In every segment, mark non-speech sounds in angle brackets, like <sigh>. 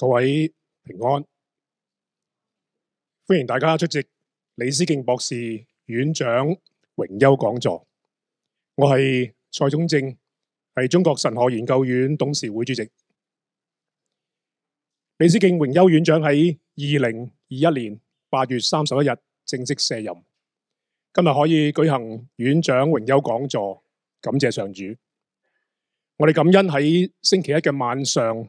各位平安，歡迎大家出席李思敬博士院長榮休講座。我係蔡宗正，係中國神學研究院董事會主席。李思敬榮休院長喺二零二一年八月三十一日正式卸任。今日可以舉行院長榮休講座，感謝上主。我哋感恩喺星期一嘅晚上。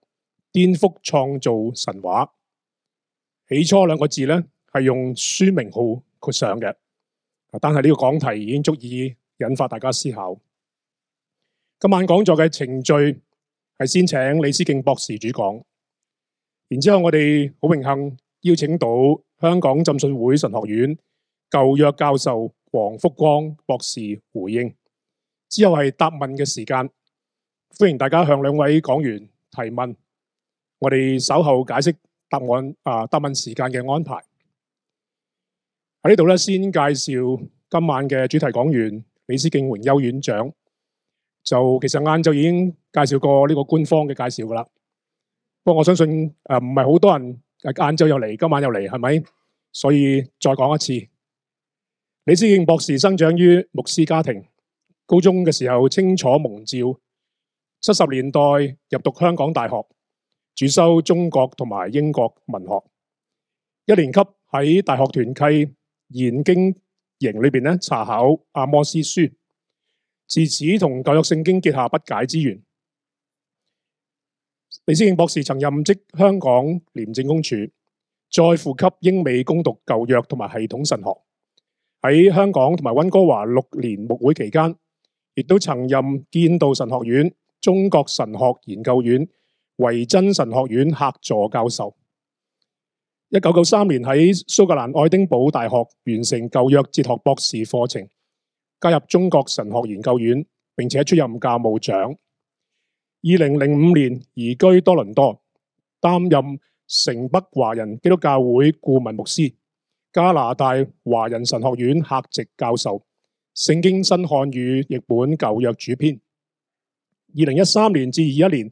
顛覆創造神話，起初兩個字呢，係用書名號括上嘅，但係呢個講題已經足以引發大家思考。今晚講座嘅程序係先請李思敬博士主講，然之後我哋好榮幸邀請到香港浸信會神學院舊約教授黃福光博士回應，之後係答問嘅時間，歡迎大家向兩位講員提問。我哋稍後解釋答案啊，答問時間嘅安排喺呢度咧，先介紹今晚嘅主題講員李思敬榮休院長。就其實晏晝已經介紹過呢個官方嘅介紹噶啦，不過我相信、啊、唔係好多人誒晏晝又嚟，今晚又嚟係咪？所以再講一次，李思敬博士生長於牧師家庭，高中嘅時候清楚蒙召，七十年代入讀香港大學。主修中國同埋英國文學，一年級喺大學團契研經營裏邊咧，查考阿摩司書，自此同舊約聖經結下不解之緣。李思敬博士曾任職香港廉政公署，再負笈英美攻讀舊約同埋系統神學。喺香港同埋溫哥華六年牧會期間，亦都曾任建道神學院、中國神學研究院維真神學院客座教授，一九九三年喺蘇格蘭愛丁堡大學完成舊約哲學博士課程，加入中國神學研究院，並且出任教務長。二零零五年移居多倫多，擔任城北華人基督教會顧問牧師，加拿大華人神學院客席教授，聖經新漢語譯本舊約主編。二零一三年至二一年。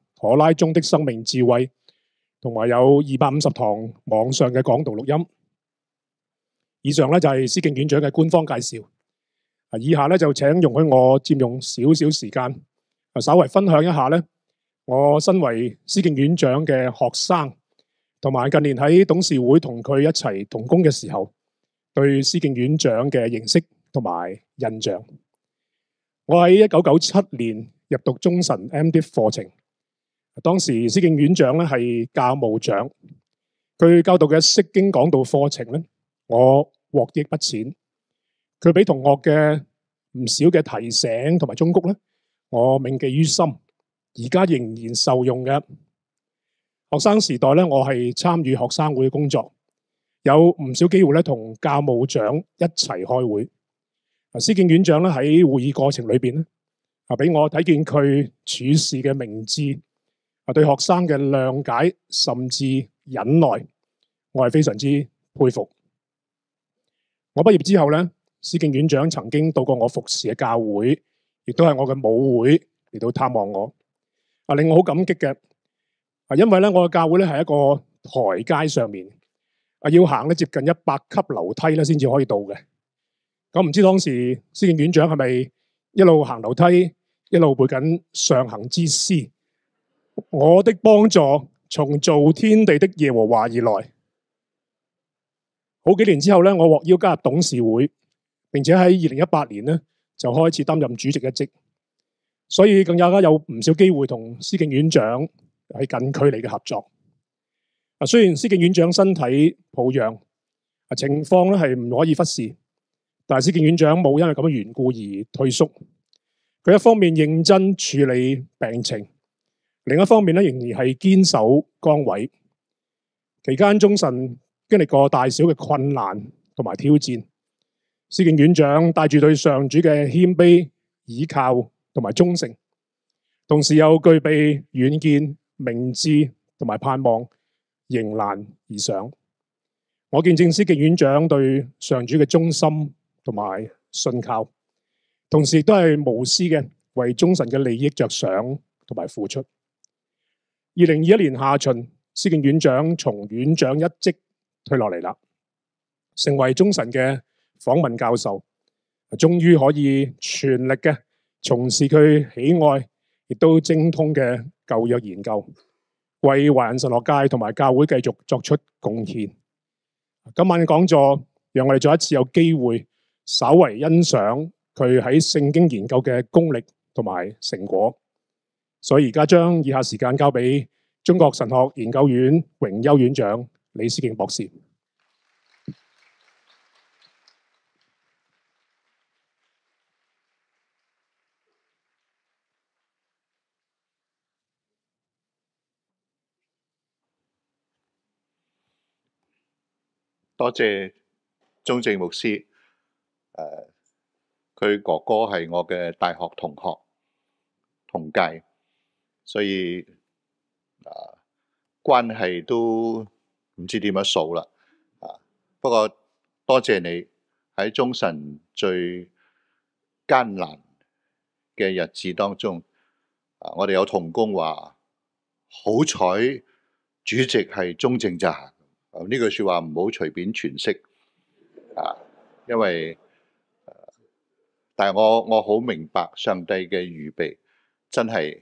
可拉中的生命智慧，同埋有二百五十堂網上嘅講道錄音。以上呢，就係思敬院長嘅官方介紹。啊，以下呢，就請容許我佔用少少時間，稍微分享一下呢，我身為思敬院長嘅學生，同埋近年喺董事會同佢一齊同工嘅時候，對思敬院長嘅認識同埋印象。我喺一九九七年入讀中神 M.D. 課程。當時思敬院長咧，係教務長，佢教導嘅釋經講道課程咧，我獲益不淺。佢俾同學嘅唔少嘅提醒同埋忠告咧，我銘記於心，而家仍然受用嘅。學生時代咧，我係參與學生會嘅工作，有唔少機會咧同教務長一齊開會。思敬院長咧喺會議過程裏邊咧，啊俾我睇見佢處事嘅明智。啊！對學生嘅諒解甚至忍耐，我係非常之佩服的。我畢業之後咧，思敬院長曾經到過我服侍嘅教會，亦都係我嘅母會嚟到探望我。啊，令我好感激嘅啊，因為咧我嘅教會咧係一個台階上面啊，要行咧接近一百級樓梯咧先至可以到嘅。咁唔知道當時思敬院長係咪一路行樓梯，一路背緊上行之詩？我的幫助從造天地的耶和華而來。好幾年之後咧，我獲邀加入董事會，並且喺二零一八年咧就開始擔任主席一職。所以更加有唔少機會同思敬院長喺近距離嘅合作。啊，雖然思敬院長身體抱恙，啊，情況咧係唔可以忽視，但思敬院長冇因為咁嘅緣故而退縮。佢一方面認真處理病情。另一方面咧，仍然係堅守崗位。期間，中神經歷過大小嘅困難同埋挑戰。思敬院長帶住對上主嘅謙卑、倚靠同埋忠誠，同時又具備遠見、明智同埋盼望，迎難而上。我見證思敬院長對上主嘅忠心同埋信靠，同時亦都係無私嘅為中神嘅利益着想同埋付出。二零二一年下旬，思敬院長從院長一職退落嚟啦，成為中神嘅訪問教授，終於可以全力嘅從事佢喜愛亦都精通嘅舊約研究，為華人神學界同埋教會繼續作出貢獻。今晚嘅講座讓我哋再一次有機會稍為欣賞佢喺聖經研究嘅功力同埋成果。所以而家將以下時間交俾中國神學研究院榮休院長李思敬博士。多謝鐘正牧師。誒，佢哥哥係我嘅大學同學同屆。所以啊，關係都唔知點樣數啦。啊，不過多謝你喺中神最艱難嘅日子當中，啊，我哋有同工話好彩主席係中正就行。啊，呢句說話唔好隨便詮釋啊，因為誒、啊，但係我我好明白上帝嘅預備真係。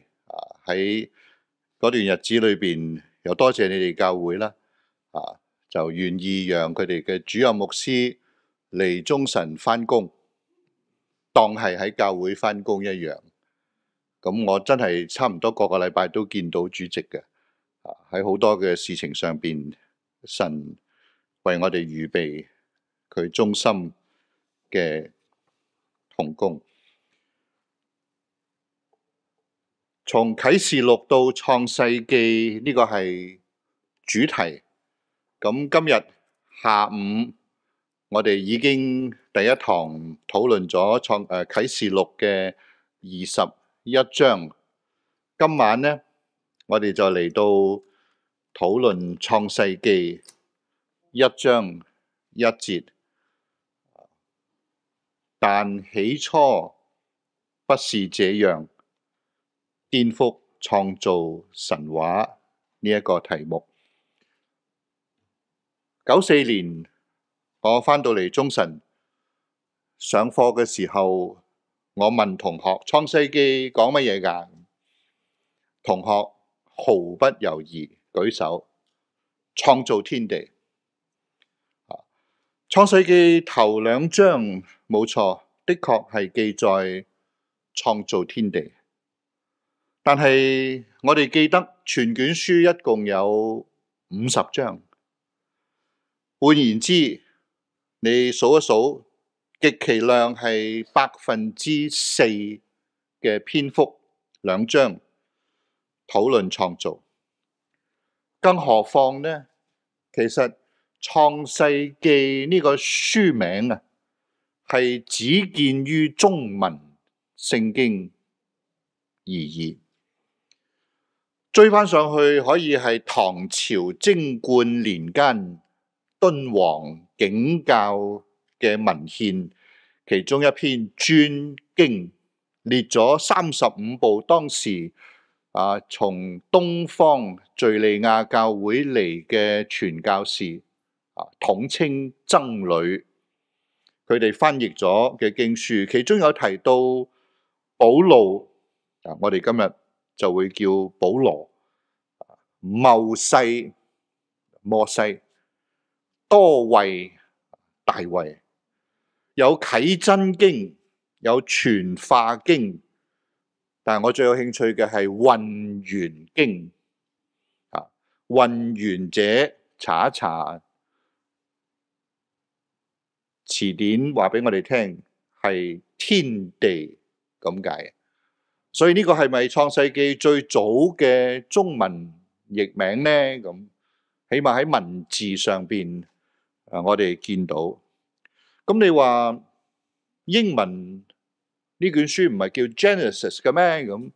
喺嗰段日子裏邊，又多謝你哋教會啦，啊，就願意讓佢哋嘅主任牧師嚟中神翻工，當係喺教會翻工一樣。咁我真係差唔多個個禮拜都見到主席嘅，喺好多嘅事情上邊，神為我哋預備佢忠心嘅同工。從啟示錄到創世記呢個係主題。咁今日下午我哋已經第一堂討論咗創誒，啟示錄嘅二十一章。今晚咧，我哋就嚟到討論創世記一章一節。但起初不是這樣。顛覆創造神話呢一個題目。九四年我返到嚟中神上課嘅時候，我問同學創世記講乜嘢㗎？同學毫不猶豫舉手，創造天地。創世記頭兩章冇錯，的確係記載創造天地。但是我哋記得全卷書一共有五十章，換言之，你數一數，極其量是百分之四嘅篇幅，兩章討論創造。更何況呢？其實《創世記》呢個書名啊，係只見於中文聖經而已。追翻上去可以係唐朝貞觀年間敦煌景教嘅文獻，其中一篇專經列咗三十五部當時啊，從東方敘利亞教會嚟嘅傳教士啊，統稱僧侶，佢哋翻譯咗嘅經書，其中有提到保羅啊，我哋今日。就會叫保羅、謀世、莫西、多位、大位，有啟真經，有傳化經，但我最有興趣的是混元經啊！混元者查一查詞典，話俾我哋聽，係天地咁解。所以呢個係咪創世紀最早嘅中文譯名呢？咁起碼喺文字上邊啊，我哋見到。咁你話英文呢卷書唔係叫 Genesis 嘅咩？咁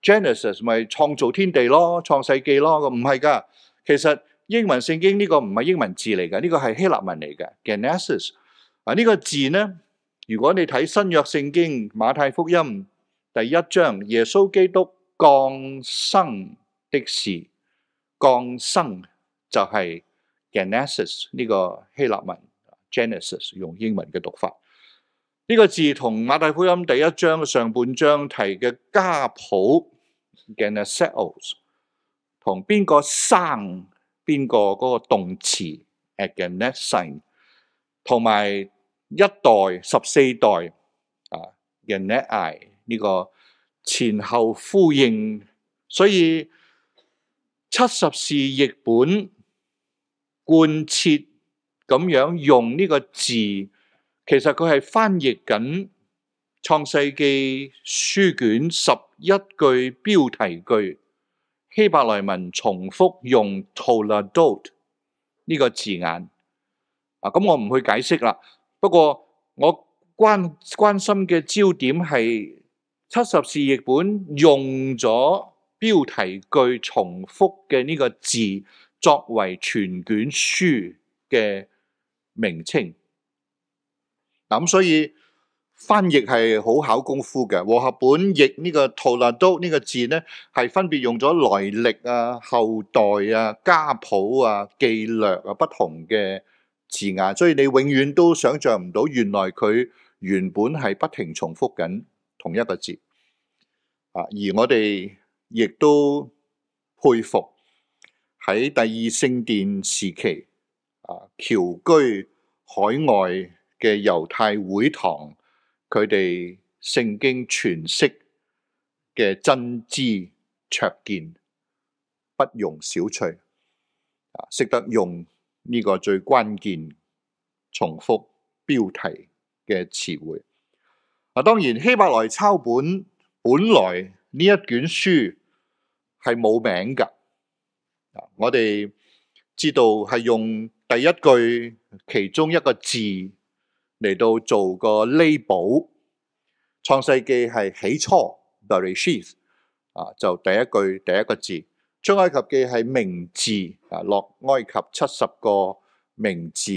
Genesis 咪創造天地咯，創世紀咯。咁唔係噶，其實英文聖經呢個唔係英文字嚟嘅，呢個係希臘文嚟嘅 Genesis。啊呢個字呢？如果你睇新約聖經馬太福音。第一章耶穌基督降生的事，降生就係 Genesis 呢個希臘文 Genesis 用英文嘅讀法。呢、這個字同馬太福音第一章上半章提嘅家譜 Genesis 同邊個生邊個嗰個動詞 At Genesis，同埋一代十四代啊 Genesis。呢個前後呼應，所以七十士譯本貫徹咁樣用呢個字，其實佢係翻譯緊《創世記》書卷十一句標題句希伯來文重複用 Toladot 呢個字眼。啊，咁、嗯、我唔去解釋啦。不過我關關心嘅焦點係。七十士譯本用咗標題句重複嘅呢個字作為全卷書嘅名稱。咁所以翻譯係好考功夫嘅。和合本譯呢個“圖納都”呢個字咧，係分別用咗“來歷”啊、後代啊、家譜啊、記略啊不同嘅字眼，所以你永遠都想象唔到原來佢原本係不停重複緊。同一個字啊！而我哋亦都佩服喺第二聖殿時期啊，僑居海外嘅猶太會堂，佢哋聖經詮釋嘅真知灼見不容小覷啊！識得用呢個最關鍵重複標題嘅詞彙。嗱，當然希伯來抄本本來呢一卷書係冇名㗎。我哋知道係用第一句其中一個字嚟到做個 label。創世記係起初，Bereshit 啊，The ist, 就第一句第一個字。出埃及記係名字啊，落埃及七十個名字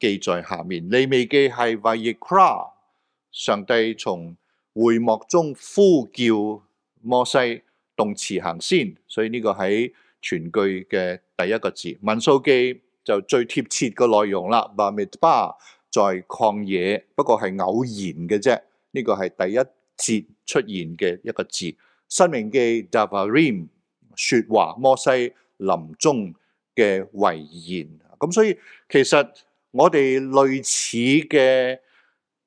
記在下面。利未記係 Vayikra 上帝從會幕中呼叫摩西，動詞行先，所以呢個喺全句嘅第一個字。民數記就最貼切嘅內容啦，Bamidbar 在曠野，不過係偶然嘅啫。呢、這個係第一節出現嘅一個字。申命記 Devarim 說話，摩西臨終嘅遺言。咁所以其實我哋類似嘅。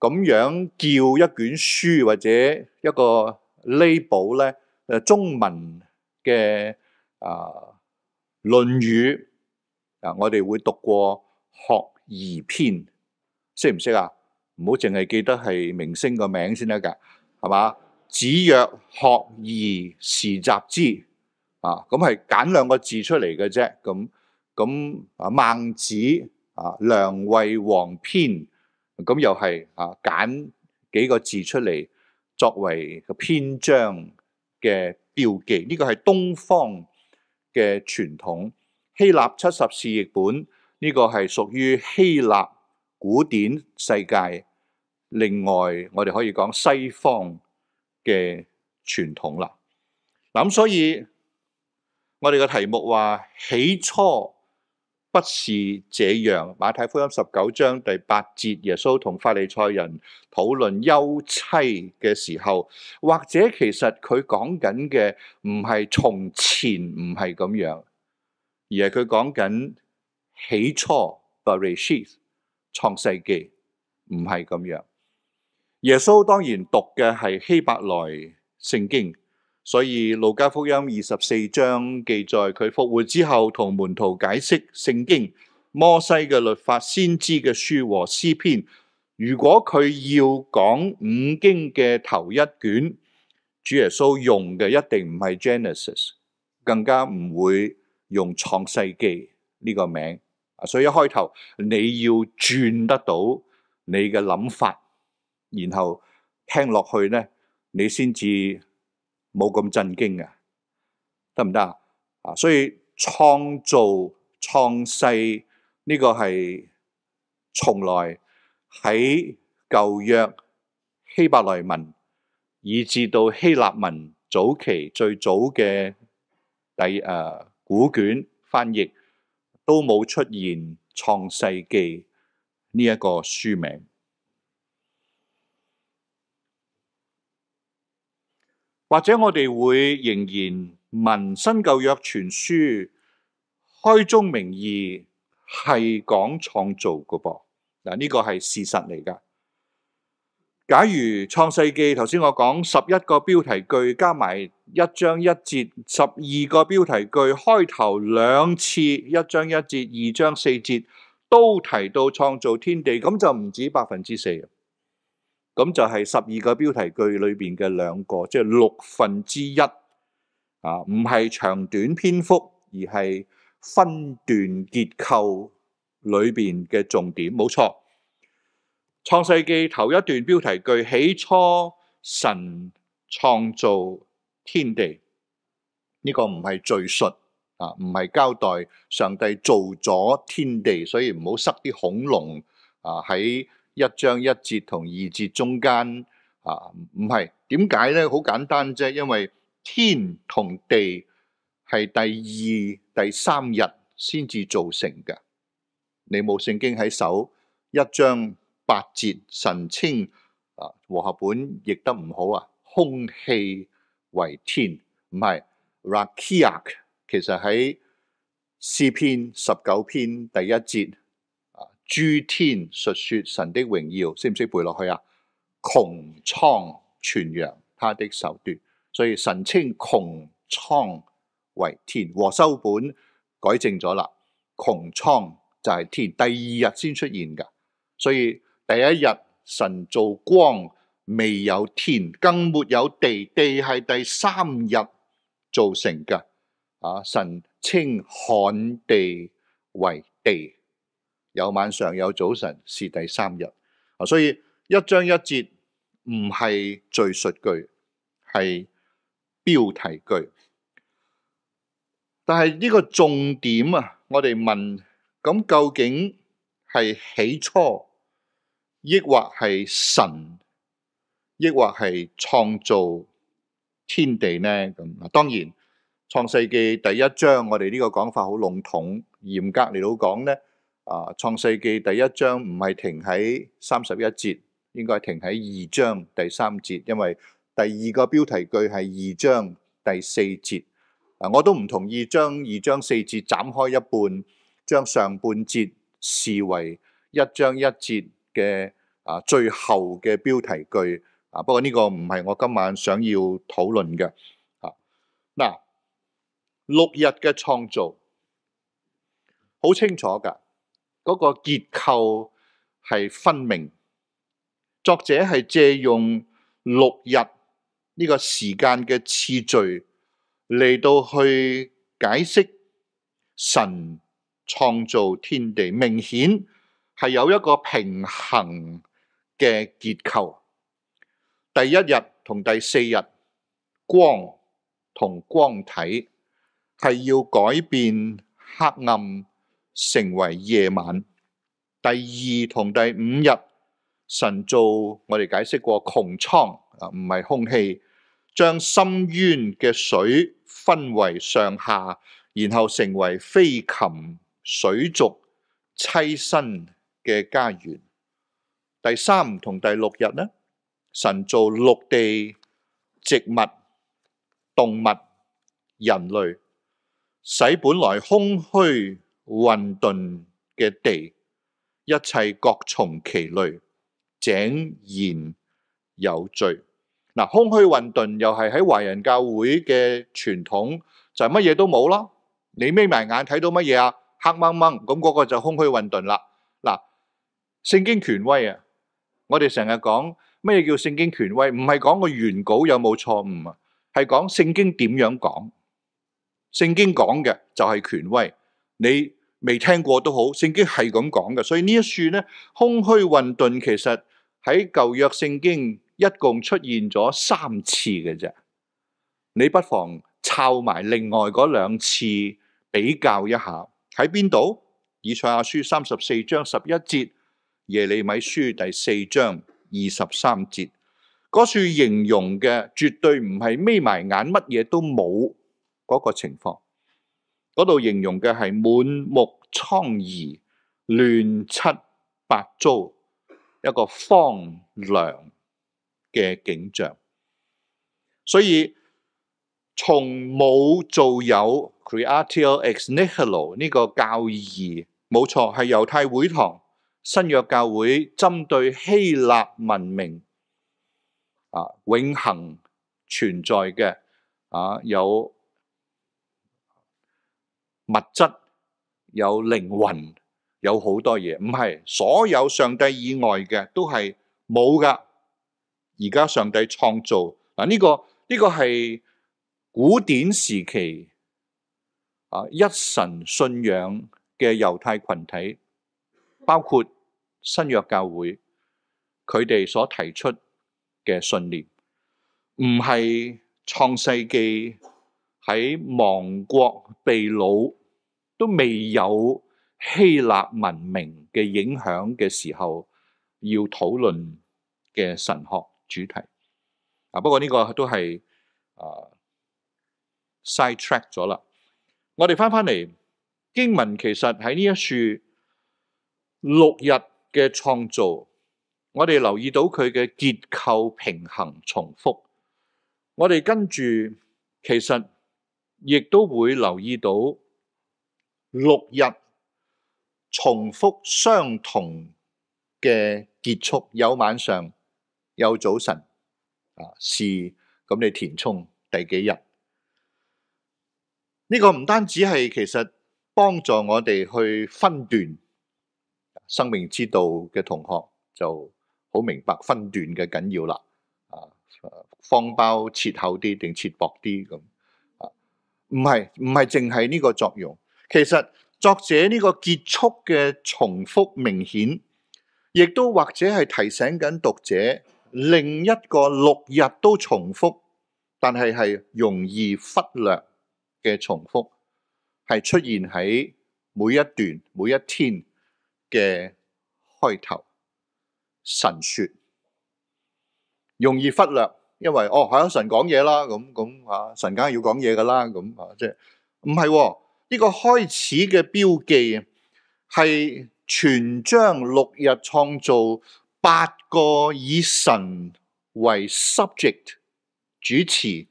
咁樣叫一卷書或者一個 label 咧，誒，中文嘅啊、呃《論語》啊、呃，我哋會讀過《學而篇》，識唔識啊？唔好淨係記得係明星個名先得㗎，係嘛？子曰：學而時習之，啊、呃，咁係揀兩個字出嚟嘅啫。咁咁啊，呃《孟子》啊、呃，《梁惠王篇》。咁又係揀揀幾個字出嚟作為個篇章嘅標記，呢、這個係東方嘅傳統。希臘七十士譯本呢個係屬於希臘古典世界。另外我，我哋可以講西方嘅傳統啦。咁，所以我哋嘅題目話起初，不是這樣。馬太福音十九章第八節，耶穌同法利賽人討論休妻嘅時候，或者其實佢講緊嘅唔係從前，唔係咁樣，而係佢講緊起初嘅 Bereshit，創世紀唔係咁樣。耶穌當然讀嘅係希伯來聖經。所以路加福音二十四章記載佢復活之後同門徒解釋聖經，摩西嘅律法、先知嘅書和詩篇。如果佢要講五經嘅頭一卷，主耶穌用嘅一定唔係 Genesis，更加唔會用創世記呢個名。所以一開頭你要轉得到你嘅諗法，然後聽落去咧，你先至。冇咁震驚嘅，得唔得？所以創造創世呢個係從來喺舊約希伯來文，以至到希臘文早期最早嘅第誒古卷翻譯，都冇出現《創世記》呢一個書名。或者我哋會仍然聞新舊約全書開宗明義係講創造㗎噃嗱呢個係事實嚟噶。假如創世記頭先我講十一個標題句加埋一章一節十二個標題句開頭兩次一章一節二章四節都提到創造天地咁就唔止百分之四。咁就係十二個標題句裏邊嘅兩個，即係六分之一啊，唔係長短篇幅，而係分段結構裏邊嘅重點，冇錯。創世記頭一段標題句：起初神創造天地，呢個唔係敘述啊，唔係交代上帝做咗天地，所以唔好塞啲恐龍啊喺，一章一節同二節中間啊，唔係，點解咧？好簡單啫，因為天同地係第二、第三日先至造成嘅。你冇聖經喺手，一章八節神稱啊，和合本譯得唔好啊，空氣為天，唔係 Rakia，ak，其實喺詩篇十九篇第一節。諸天述說神的榮耀，識唔識背落去啊？穹蒼傳揚他的手段，所以神稱穹蒼為天。和修本改正咗啦，穹蒼就係天。第二日先出現噶所以第一日神造光，未有天，更沒有地，地係第三日造成噶。啊，神稱旱地為地。有晚上有早晨，是第三日。啊，所以一章一節唔係敘述句，係標題句。但係呢個重點啊，我哋問，咁究竟係起初，抑或係神，抑或係創造天地呢？咁當然創世紀第一章，我哋呢個講法好籠統，嚴格嚟到講呢？啊！創世記第一章唔係停喺三十一節，應該停喺二章第三節，因為第二個標題句係二章第四節。啊，我都唔同意將二章四節斬開一半，將上半節視為一章一節嘅啊最後嘅標題句。啊，不過呢個唔係我今晚想要討論嘅。啊，嗱，六日嘅創造好清楚㗎。嗰個結構係分明，作者係借用六日呢個時間嘅次序嚟到去解釋神創造天地，明顯係有一個平衡嘅結構。第一日同第四日，光同光體係要改變黑暗成為夜晚。第二同第五日，神造我哋解釋過穹蒼啊，唔係空氣，將深淵嘅水分為上下，然後成為飛禽水族棲身嘅家園。第三同第六日呢？神造陸地植物、動物、人類，使本來空虛。混沌的地，一切各從其類，井然有序。嗱，空虛混沌又係喺華人教會嘅傳統，就係、什麼乜嘢都冇啦。你眯埋眼睇到乜嘢啊？黑掹掹噉嗰個就係空虛混沌啦。嗱，聖經權威啊，我哋成日講咩叫聖經權威？唔係講個原稿有冇錯誤啊，係講聖經點樣講。聖經講嘅就係權威。你未聽過都好，聖經係咁講嘅，所以這一書呢一串咧空虛混沌其實喺舊約聖經一共出現咗三次嘅啫。你不妨抄埋另外嗰兩次比較一下，喺邊度？以賽亞書三十四章十一節，耶利米書第四章二十三節，嗰串形容嘅絕對唔係眯埋眼乜嘢都冇嗰個情況。嗰度形容嘅係滿目瘡痍、亂七八糟、一個荒涼嘅景象，所以從冇做有，有 creatio ex nihilo 呢個教義，冇錯係猶太會堂、新約教會針對希臘文明啊永恆存在嘅啊有。物質有靈魂，有好多嘢，唔係所有上帝以外嘅都係冇噶而家上帝創造啊，呢個呢個係古典時期啊一神信仰嘅猶太群體，包括新約教會，佢哋所提出嘅信念，唔係創世記。喺亡國被擄都未有希臘文明嘅影響嘅時候，要討論嘅神學主題啊！不過呢個都係啊 side track 咗啦。我哋翻翻嚟經文，其實喺呢一處六日嘅創造，我哋留意到佢嘅結構平衡重複，我哋跟住其實。亦都會留意到六日重複相同嘅結束，有晚上，有早晨，啊，是咁你填充第幾日，呢、呢個唔單止係其實幫助我哋去分段。生命之道嘅同學就好明白分段嘅緊要啦。啊，方包切厚啲定切薄啲咁？唔係唔係，淨係呢個作用。其實作者呢個結束嘅重複明顯，亦都或者係提醒緊讀者另一個六日都重複，但係係容易忽略嘅重複，係出現喺每一段每一天嘅開頭。神說，容易忽略。因為哦，係啊，神講嘢啦，咁咁嚇，神梗係要講嘢噶啦，咁啊，即係唔係呢個開始嘅標記啊？係全章六日創造八個以神為 subject 主詞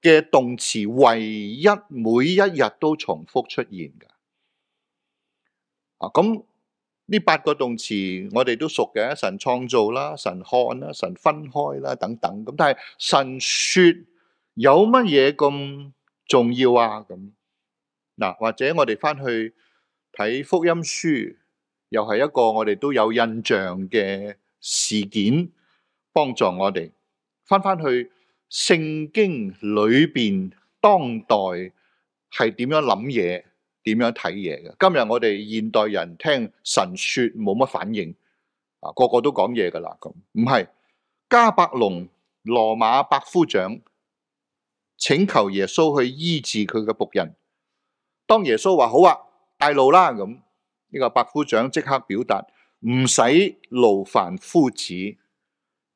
嘅動詞，唯一每一日都重複出現嘅啊，咁。呢八個動詞我哋都熟嘅，神創造啦，神看啦，神分開啦，等等。咁但係神說有乜嘢咁重要啊？咁嗱，或者我哋翻去睇福音書，又係一個我哋都有印象嘅事件，幫助我哋翻翻去聖經裏邊當代係點樣諗嘢。點樣睇嘢嘅？今日我哋現代人聽神說冇乜反應啊，個個都講嘢噶啦咁。唔係迦百農羅馬百夫長請求耶穌去醫治佢嘅僕人，當耶穌話好啊，帶路啦咁。呢個百夫長即刻表達，唔使勞煩夫子，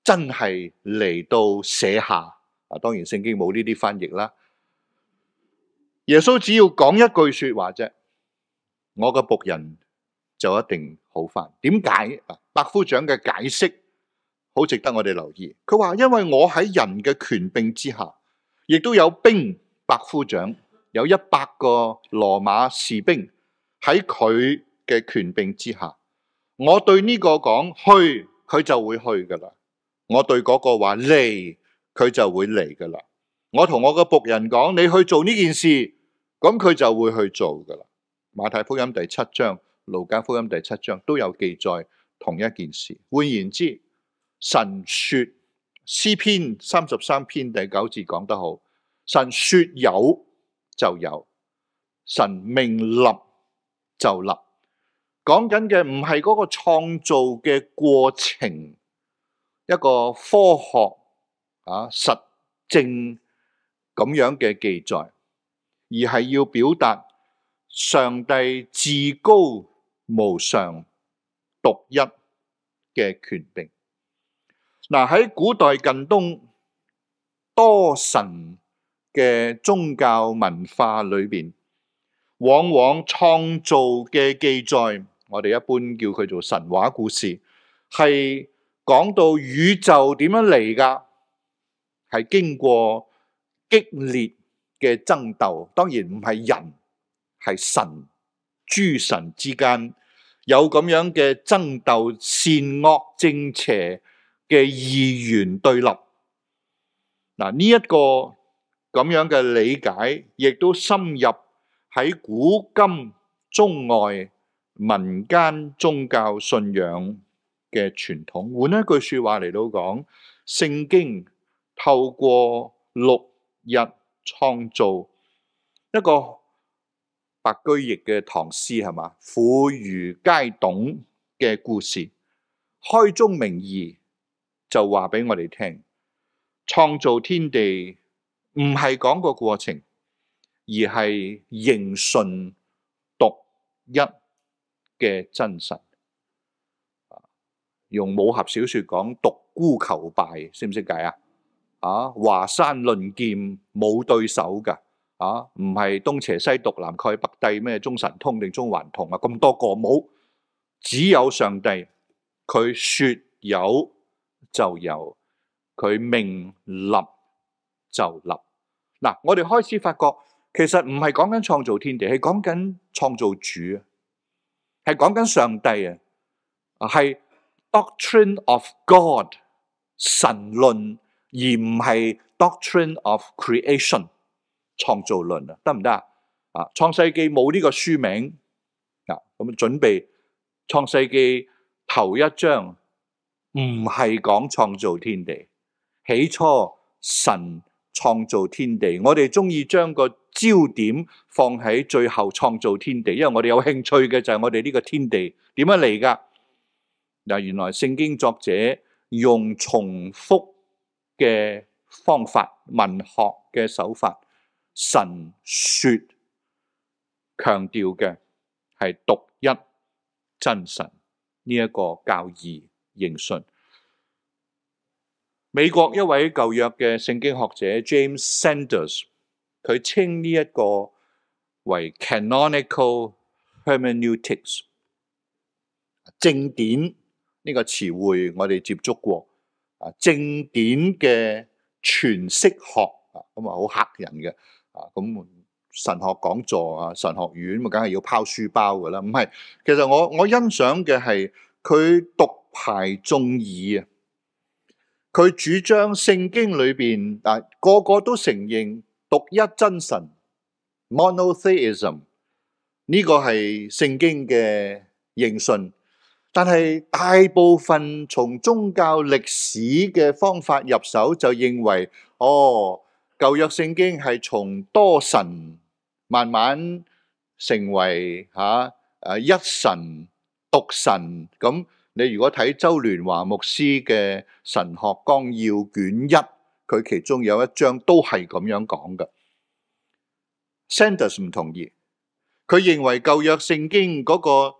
真係嚟到寫下啊。當然聖經冇呢啲翻譯啦。耶穌只要講一句說話啫，我個僕人就一定好返。點解啊？百夫長嘅解釋好值得我哋留意。佢話：，因為我喺人嘅權柄之下，亦都有兵。百夫長有一百個羅馬士兵喺佢嘅權柄之下。我對呢個講去，佢就會去噶啦。我對嗰個話嚟，佢就會嚟噶啦。我同我個僕人講：，你去做呢件事。咁佢就會去做噶啦。馬太福音第七章、路加福音第七章都有記載同一件事。換言之，神說，詩篇三十三篇第九節講得好：神說有就有，神命立就立。講緊嘅唔係嗰個創造嘅過程，一個科學啊實證咁樣嘅記載。而係要表達上帝至高、無上、獨一嘅權柄。嗱，喺古代近東多神嘅宗教文化裏邊，往往創造嘅記載，我哋一般叫佢做神話故事，係講到宇宙點樣嚟噶，係經過激烈。嘅爭鬥當然唔係人，係神，諸神之間有咁樣嘅爭鬥，善惡正邪嘅二元對立。嗱呢一個咁樣嘅理解，亦都深入喺古今中外民間宗教信仰嘅傳統。換一句話來說話嚟到講，聖經透過六日。創造一個白居易嘅唐詩係嘛？婦孺皆懂嘅故事，開宗明義就話俾我哋聽：創造天地唔係講個過程，而係認信獨一嘅真實。用武俠小説講獨孤求敗，識唔識解啊？啊，華山論劍冇對手噶，啊，唔係東邪西毒南丐北帝咩？中神通定中環童啊，咁多個冇，只有上帝，佢說有就有，佢命立就立。嗱，啊，我哋開始發覺，其實唔係講緊創造天地，係講緊創造主啊，係講緊上帝啊，係 doctrine of God 神論。而唔係 Doctrine of creation，創造論啊，得唔得啊？創世記冇呢個書名啊，咁準備創世記頭一章唔係講創造天地，嗯、起初神創造天地，我哋中意將個焦點放喺最後創造天地，因為我哋有興趣嘅就係我哋呢個天地點樣嚟噶？嗱、啊，原來聖經作者用重複。嘅方法、文學嘅手法，神說強調嘅係獨一真神呢一個教義認信。美國一位舊約嘅聖經學者 James Sanders，佢稱呢一個為 canonical hermeneutics，正典呢個詞彙我哋接觸過。啊，正典嘅詮釋學啊，咁啊好嚇人嘅啊，咁神學講座啊，神學院咪梗係要拋書包噶啦，唔係，其實我我欣賞嘅係佢獨排眾議啊，佢主張聖經裏邊啊個個都承認獨一真神 monotheism 呢個係聖經嘅認信。但係大部分從宗教歷史嘅方法入手，就認為哦，舊約聖經係從多神慢慢成為吓，誒，一神獨神。咁你如果睇周聯華牧師嘅神學綱要卷一，佢其中有一章都係咁樣講嘅。Sanders 唔同意，佢認為舊約聖經嗰個，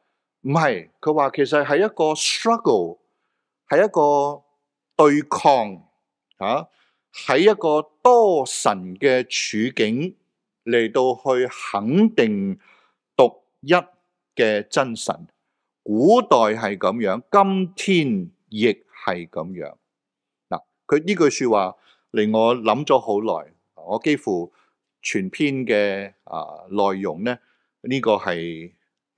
唔係，佢話其實係一個 struggle，係一個對抗，吓、啊，喺一個多神嘅處境嚟到去肯定獨一嘅真神。古代係咁樣，今天亦係咁樣。嗱，佢呢句說話令我諗咗好耐，我幾乎全篇嘅啊、呃、內容呢，呢、這個係。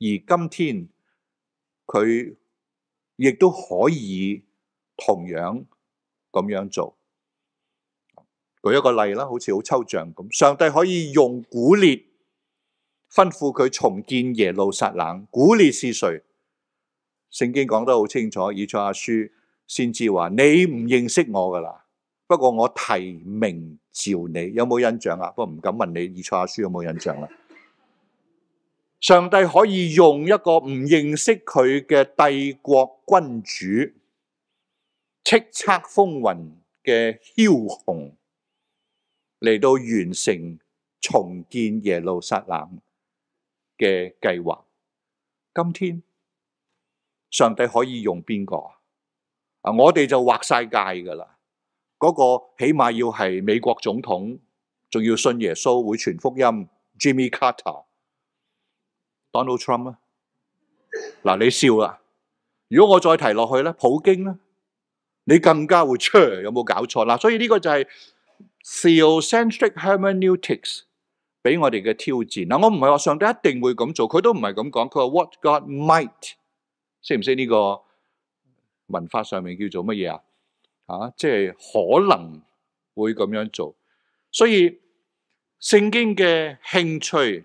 而今天佢亦都可以同樣咁樣做。舉一個例啦，好似好抽象咁。上帝可以用古列吩咐佢重建耶路撒冷。古列是誰？聖經講得好清楚，以賽亞書先至話：你唔認識我噶啦，不過我提名召你。有冇印象啊？不過唔敢問你，以賽亞書有冇印象啦？ <laughs> 上帝可以用一個唔認識佢嘅帝國君主、叱咤風雲嘅梟雄嚟到完成重建耶路撒冷嘅計劃。今天上帝可以用邊個啊？我哋就劃晒界㗎喇，嗰、那個起碼要係美國總統，仲要信耶穌會傳福音，Jimmy Carter。Donald Trump 啊，嗱你笑啦！如果我再提落去咧，普京咧，你更加會 chur，有冇搞錯嗱？所以呢個就係 theocentric hermeneutics 俾我哋嘅挑戰嗱。我唔係話上帝一定會咁做，佢都唔係咁講。佢話 What God might，識唔識呢個文法上面叫做乜嘢啊？啊，即係可能會咁樣做。所以聖經嘅興趣。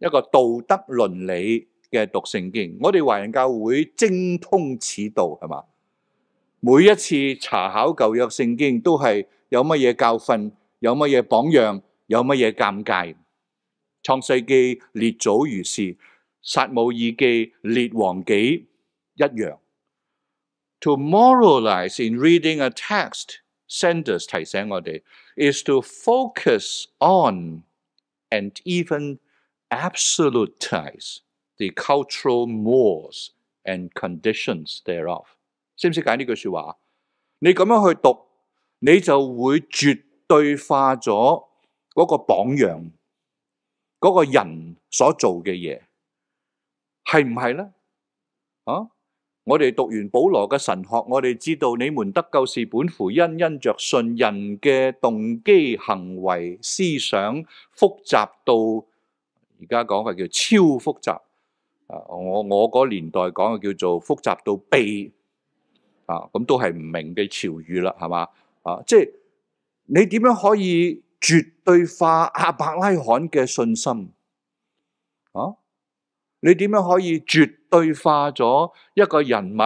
一個道德倫理嘅讀聖經，我哋華人教會精通此道，係嘛？每一次查考舊約聖經都係有乜嘢教訓，有乜嘢榜樣，有乜嘢尷尬。創世記列祖如是，撒母耳記列王紀一樣。To moralize in reading a text, senders 提醒我哋，is to focus on and even Absolutize the cultural mores and conditions thereof。識唔識解呢句說話？你咁樣去讀，你就會絕對化咗嗰個榜樣嗰、嗰個人所做嘅嘢，係唔係咧？啊！我哋讀完保羅嘅神學，我哋知道你們得救是本乎因因着信。人嘅動機、行為、思想複雜到。而家講法叫超複雜啊！我我嗰年代講嘅叫做複雜到痹啊，咁都係唔明嘅潮語啦，係嘛啊？即係你點樣可以絕對化阿伯拉罕嘅信心啊？你點樣可以絕對化咗一個人物，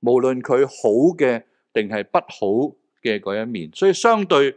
無論佢好嘅定係不好嘅嗰一面？所以相對。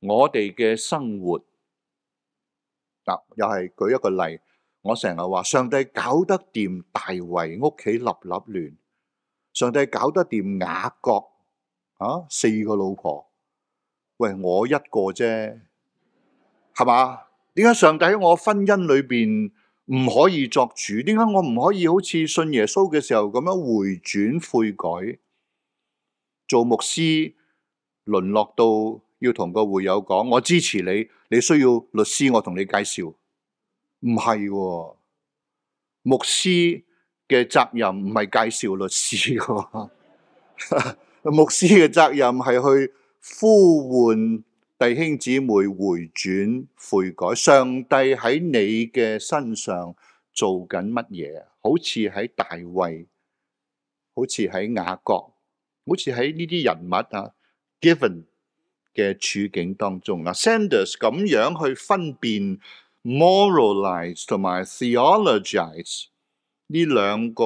我哋嘅生活嗱，又係舉一個例。我成日話上帝搞得掂大衛屋企立立亂，上帝搞得掂雅各啊四個老婆，喂，我一個啫，係嘛？點解上帝喺我婚姻裏邊唔可以作主？點解我唔可以好似信耶穌嘅時候咁樣回轉悔改做牧師，淪落到？要同個會友講，我支持你。你需要律師，我同你介紹。唔係喎，牧師嘅責任唔係介紹律師嘅。 <laughs> 牧師嘅責任係去呼喚弟兄姊妹回轉悔改。上帝喺你嘅身上做緊乜嘢？好似喺大衛，好似喺雅各，好似喺呢啲人物啊，Given。嘅處境當中啦，啊，Sanders 咁樣去分辨 moralize 同埋 theologize 呢兩個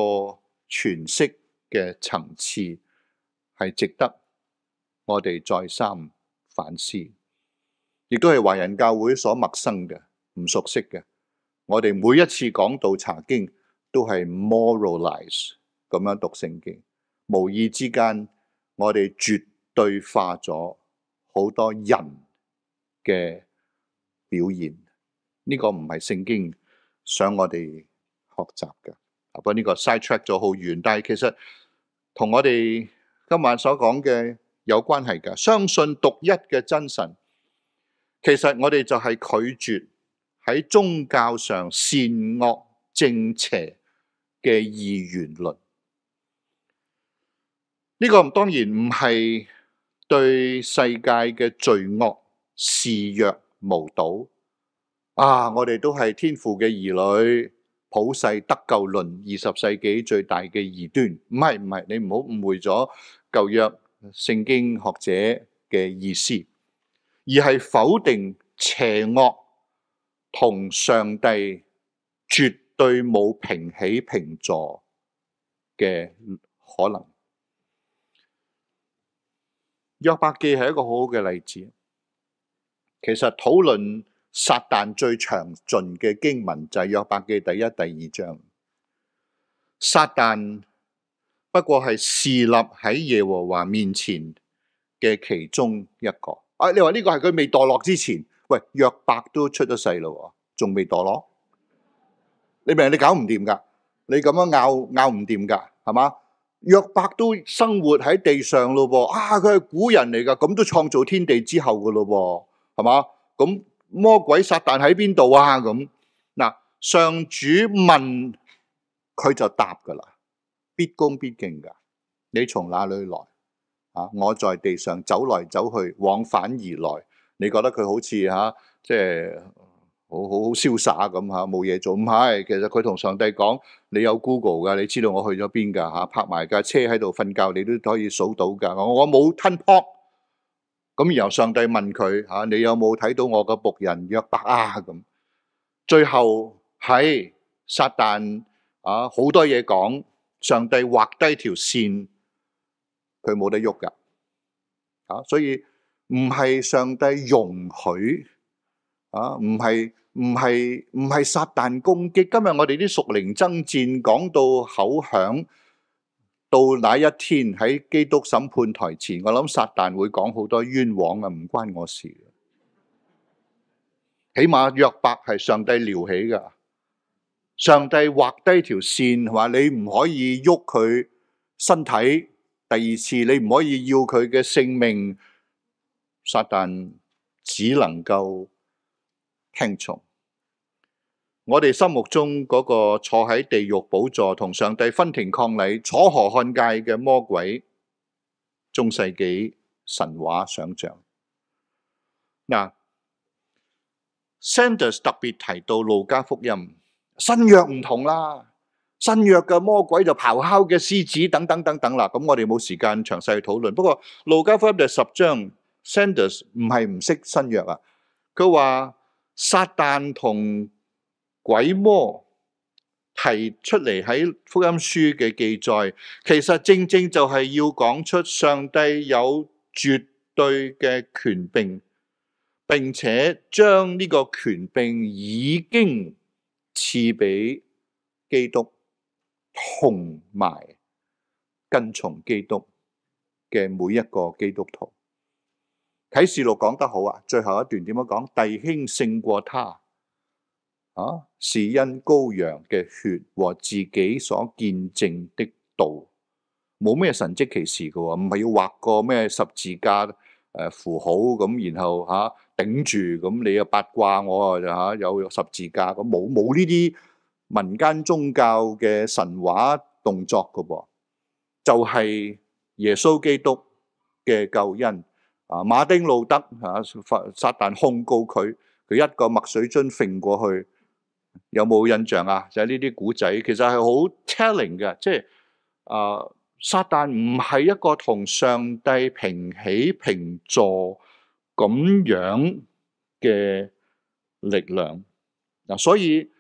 詮釋嘅層次係值得我哋再三反思，亦都係華人教會所陌生嘅、唔熟悉嘅。我哋每一次講道查經都係 moralize 咁樣讀聖經，無意之間我哋絕對化咗。好多人嘅表現，呢個唔係聖經想我哋學習嘅，不過呢個 side track 咗好遠。但係其實同我哋今晚所講嘅有關係嘅，相信獨一嘅真神，其實我哋就係拒絕喺宗教上善惡正邪嘅二元論。呢個當然唔係。對世界嘅罪惡視若無睹。啊，我哋都係天父嘅兒女，普世得救論二十世紀最大嘅異端，唔係，唔係，你唔好誤會咗舊約聖經學者嘅意思，而係否定邪惡同上帝絕對冇平起平坐嘅可能。約伯記係一個好好嘅例子。其實討論撒旦最詳盡嘅經文就係約伯記第一、第二章。撒旦不過係侍立喺耶和華面前嘅其中一個。啊，你話呢個係佢未墮落之前？喂，約伯都出咗世啦，仲未墮落？你明？你搞唔掂噶？你咁樣拗拗唔掂噶？係嘛？是約伯都生活喺地上咯喎，啊，佢係古人嚟噶，咁都創造天地之後噶咯喎，係嘛？咁魔鬼撒旦喺邊度啊？咁嗱，上主問佢就答噶啦，必恭必敬噶，你從哪裏來？啊，我在地上走來走去，往返而來。你覺得佢好似吓、啊、即係？好好好瀟灑咁嚇，冇嘢做。唔係，其實佢同上帝講：你有 Google 噶，你知道我去咗邊噶嚇，泊埋架車喺度瞓覺，你都可以數到噶。我冇吞撲。咁然後上帝問佢嚇：你有冇睇到我個僕人約伯啊？咁最後喺撒但啊，好多嘢講。上帝畫低條線，佢冇得喐噶。啊，所以唔係上帝容許啊，唔係。唔係，唔係撒旦攻擊，今日我哋啲屬靈爭戰講到口響，到那一天喺基督審判台前，我諗撒旦會講好多冤枉啊，唔關我事。起碼約伯係上帝撩起噶，上帝劃低條線，話你唔可以喐佢身體，第二次你唔可以要佢嘅性命，撒旦只能夠。聽從我哋心目中嗰個坐喺地獄寶座同上帝分庭抗禮、楚河漢界嘅魔鬼，中世紀神話想象。嗱，啊，Sanders 特別提到路加福音新約唔同啦，新約嘅魔鬼就咆哮嘅獅子等等等等啦。咁我哋冇時間詳細去討論，不過路加福音第十章 Sanders 唔係唔識新約啊，佢話。撒旦同鬼魔提出嚟，喺福音書嘅記載，其實正正就係要講出上帝有絕對嘅權柄，並且將呢個權柄已經賜俾基督，同埋跟從基督嘅每一個基督徒。睇《示錄》講得好啊，最後一段點樣講？弟兄勝過他啊，是因羔羊嘅血和自己所見證的道，冇咩神跡奇事嘅喎，唔係要畫個咩十字架誒符號咁，然後吓、啊、頂住咁，你又八卦我啊吓有十字架咁冇，冇呢啲民間宗教嘅神話動作嘅噃，就係、是、耶穌基督嘅救恩。啊，馬丁路德嚇，撒但控告佢，佢一個墨水樽揈過去，有冇印象啊？就係呢啲古仔，其實係好 telling 嘅，即係啊，撒但唔係一個同上帝平起平坐咁樣嘅力量。嗱，所以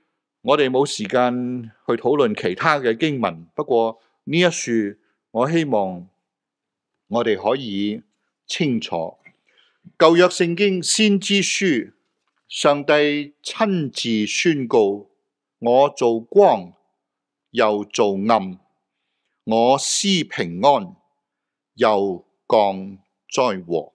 我哋冇時間去討論其他嘅經文，不過呢一樹，我希望我哋可以。清楚舊約聖經先知書，上帝親自宣告：我造光，又造暗；我施平安，又降災禍。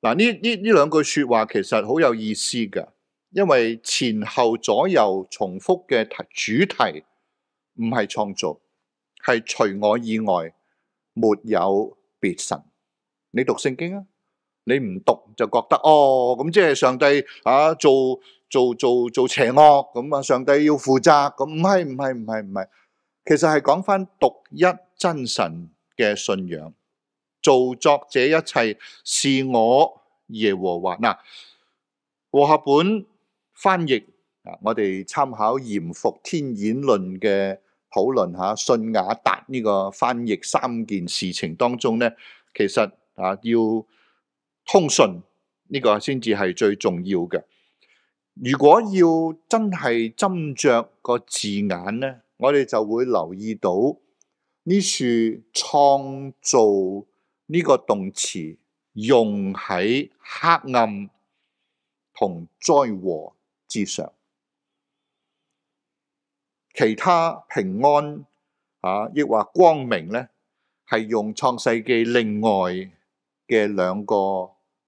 嗱，呢呢呢兩句說話其實好有意思嘅，因為前後左右重複嘅主題唔係創造，係除我以外沒有別神。你讀聖經啊？你唔讀就覺得哦，咁即係上帝啊做做做做邪惡咁啊？上帝要負責咁？唔係唔係唔係唔係，其實係講翻獨一真神嘅信仰，做作這一切是我耶和華嗱。和合本翻譯啊，我哋參考嚴復天演論嘅討論吓，信雅達呢個翻譯三件事情當中咧，其實。啊！要通順呢個先至係最重要嘅。如果要真係斟酌個字眼咧，我哋就會留意到呢處創造呢個動詞用喺黑暗同災禍之上，其他平安啊，亦或光明咧，係用創世記另外嘅兩個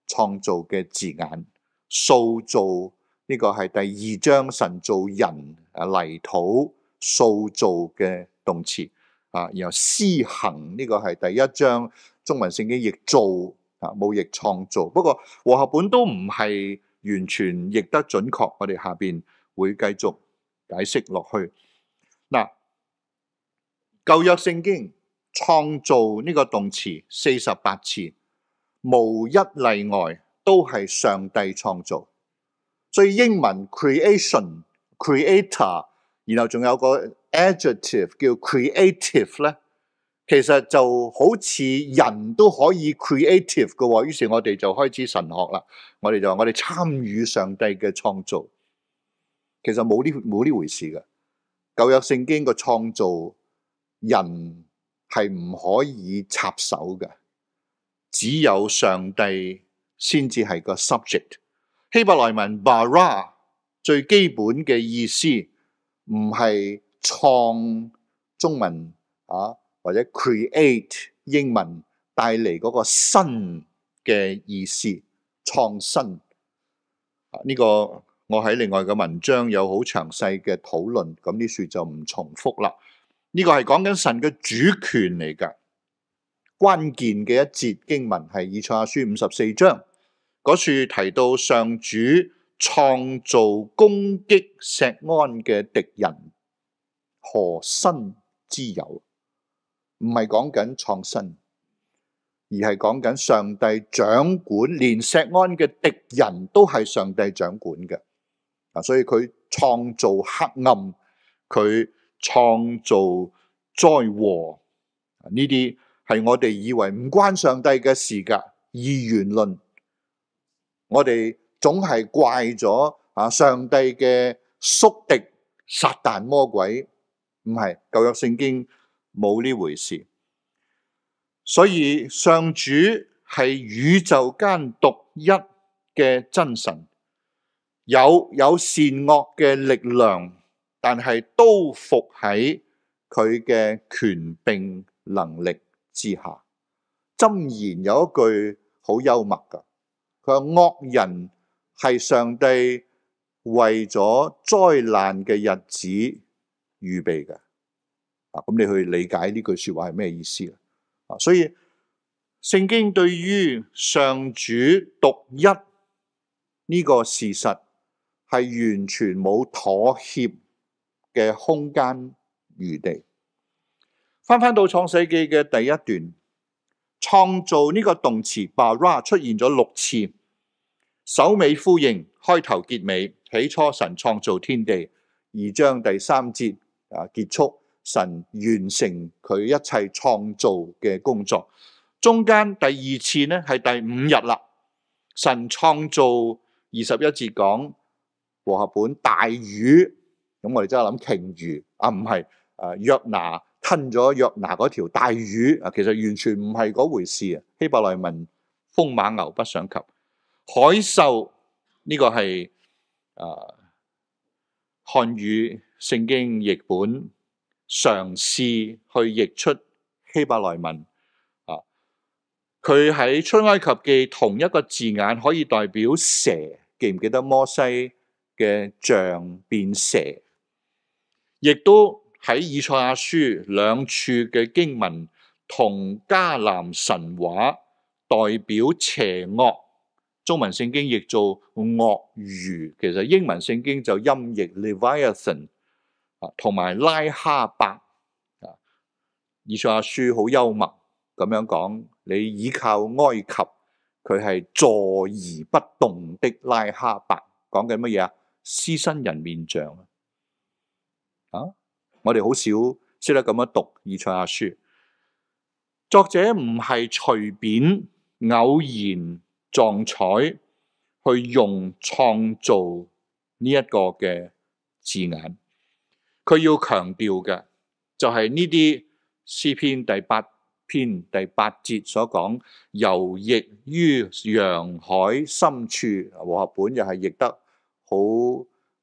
創造嘅字眼，塑造呢、這個係第二章神造人啊泥土塑造嘅動詞啊，然後施行呢、這個係第一章中文聖經譯造啊，冇譯創造，不過和合本都唔係完全譯得準確，我哋下邊會繼續解釋落去。嗱，舊約聖經創造呢個動詞四十八次。無一例外都係上帝創造，所以英文 creation、creator，然後仲有個 adjective 叫 creative 咧，其實就好似人都可以 creative 嘅，於是我哋就開始神學啦。我哋就話我哋參與上帝嘅創造，其實冇呢冇呢回事嘅。舊約聖經嘅創造，人係唔可以插手嘅。只有上帝先至係個 subject。希伯來文 bara 最基本嘅意思唔係創中文啊，或者 create 英文帶嚟嗰個新嘅意思，創新。啊，呢個我喺另外嘅文章有好詳細嘅討論，咁呢處就唔重複啦。呢個係講緊神嘅主權嚟噶。關鍵嘅一節經文係以賽亞書五十四章嗰處，提到上主創造攻擊錫安嘅敵人，何新之有？唔係講緊創新，而係講緊上帝掌管，連錫安嘅敵人都係上帝掌管嘅。啊，所以佢創造黑暗，佢創造災禍呢啲。這些係我哋以為唔關上帝嘅事㗎，二元論，我哋總係怪咗啊！上帝嘅宿敵撒旦魔鬼，唔係舊約聖經冇呢回事。所以上主係宇宙間獨一嘅真神，有有善惡嘅力量，但係都服喺佢嘅權柄能力。之下，箴言有一句好幽默嘅，佢話惡人係上帝為咗災難嘅日子預備嘅，啊，咁你去理解呢句說話係咩意思啊？所以聖經對於上主獨一呢個事實係完全冇妥協嘅空間餘地。翻翻到創世紀嘅第一段，創造呢個動詞 bara 出現咗六次，首尾呼應，開頭結尾，起初神創造天地，二章第三節啊結束，神完成佢一切創造嘅工作。中間第二次呢係第五日啦，神創造二十一節講和合本大魚，咁我哋即係諗鯨魚啊，唔係誒約拿。吞咗約拿嗰條大魚啊，其實完全唔係嗰回事啊！希伯來文風，馬牛不相及，海獸呢個係啊，漢語聖經譯本嘗試去譯出希伯來文啊，佢喺出埃及嘅同一個字眼可以代表蛇，記唔記得摩西嘅杖變蛇，亦都。喺以賽亞書兩處嘅經文，同迦南神話代表邪惡，中文聖經譯做鱷魚，其實英文聖經就音譯 Leviathan 啊，同埋拉哈伯啊。以賽亞書好幽默咁樣講，你依靠埃及，佢係坐而不動的拉哈伯，講緊乜嘢啊？獅身人面像我哋好少識得咁樣讀以賽亞下書，作者唔係隨便偶然撞彩去用創造呢一個嘅字眼，佢要強調嘅就係呢啲詩篇第八篇第八節所講，遊弋於洋海深處。和合本又係譯得好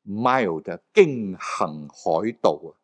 mild，經行海道啊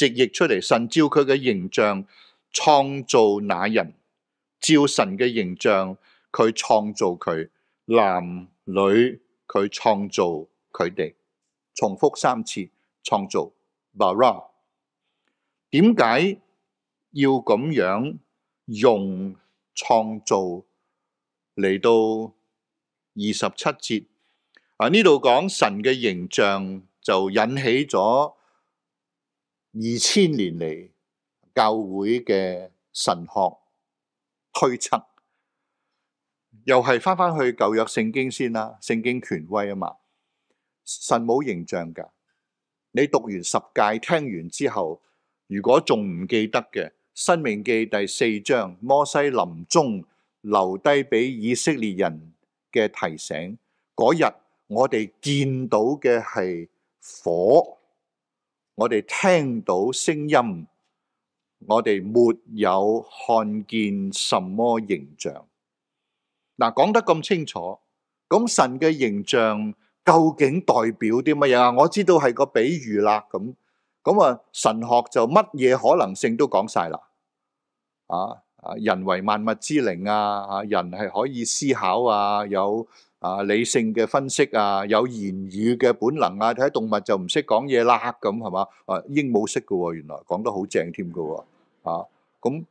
直譯出嚟，神照佢嘅形象創造那人，照神嘅形象佢創造佢，男女佢創造佢哋，重複三次創造。Bara 點解要咁樣用創造嚟到二十七節？啊呢度講神嘅形象就引起咗。二千年嚟教會嘅神學推測，又係翻返去舊約聖經先啦，聖經權威啊嘛，神冇形象噶。你讀完十誡，聽完之後，如果仲唔記得嘅，《申命記》第四章，摩西臨終留低俾以色列人嘅提醒，嗰日我哋見到嘅係火。我哋聽到聲音，我哋沒有看見什麼形象。嗱，講得咁清楚，咁神嘅形象究竟代表啲乜嘢啊？我知道係個比喻啦。咁咁啊，神學就乜嘢可能性都講晒啦。啊啊，人為萬物之靈啊，人係可以思考啊，有。啊！理性嘅分析啊，有言語嘅本能啊，睇動物就唔識講嘢啦咁係嘛？啊，鸚鵡識㗎喎，原來講得好正添㗎喎。啊，咁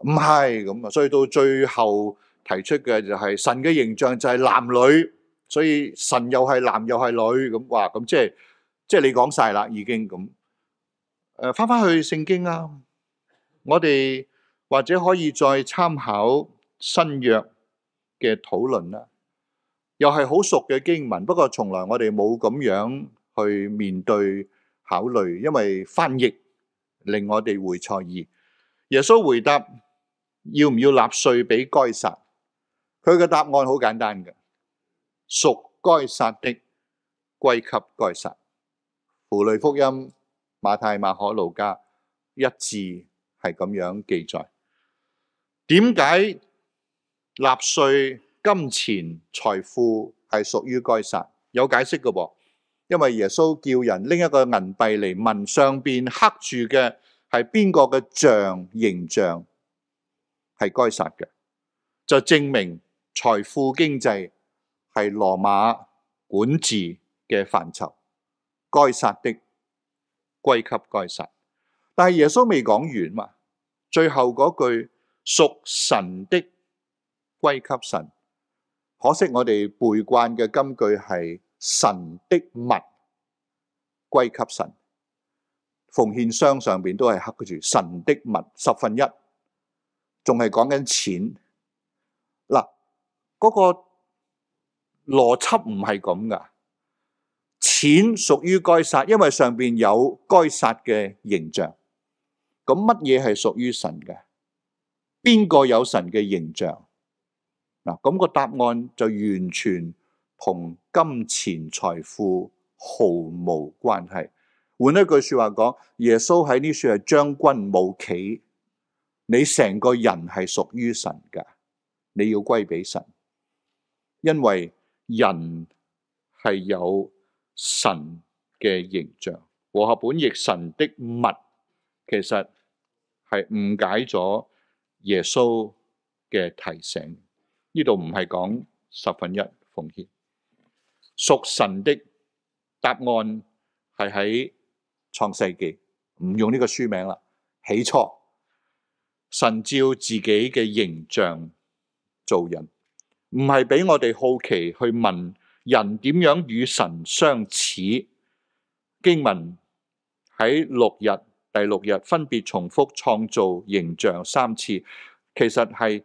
唔係咁啊，所以到最後提出嘅就係神嘅形象就係男女，所以神又係男又係女咁哇，咁即係即係你講晒啦，已經咁。誒，翻返去聖經啊，我哋或者可以再參考新約嘅討論啦。又係好熟嘅經文，不過從來我哋冇咁樣去面對考慮，因為翻譯令我哋會錯意。耶穌回答：要唔要納稅俾該撒？佢嘅答案好簡單嘅，屬該撒的歸給該撒。符類福音、馬太、馬可、路加，一致係咁樣記載。點解納稅？金錢財富係屬於該殺，有解釋嘅，因為耶穌叫人拎一個銀幣嚟問上邊刻住嘅係邊個嘅像形象，係該殺嘅，就證明財富經濟係羅馬管治嘅範疇，該殺的歸給該殺，但係耶穌未講完嘛，最後嗰句屬神的歸給神。可惜我哋背慣嘅金句係神的物歸給神，奉獻箱上邊都係刻住神的物十分一，仲係講緊錢嗱，嗰個邏輯唔係咁噶，錢屬於該撒，因為上邊有該撒嘅形象。咁乜嘢係屬於神嘅？邊個有神嘅形象？嗱，咁個答案就完全同金錢財富毫無關係。換一句説話講，耶穌喺呢處係將軍冇棋。你成個人係屬於神嘅，你要歸俾神，因為人係有神嘅形象。和合本譯神的物，其實係誤解咗耶穌嘅提醒。呢度唔係講十分一奉獻，屬神的答案係喺創世紀，唔用呢個書名啦。起初，神照自己嘅形象造人，唔係畀我哋好奇去問人點樣與神相似。經文喺六日，第六日分別重複創造形象三次，其實係。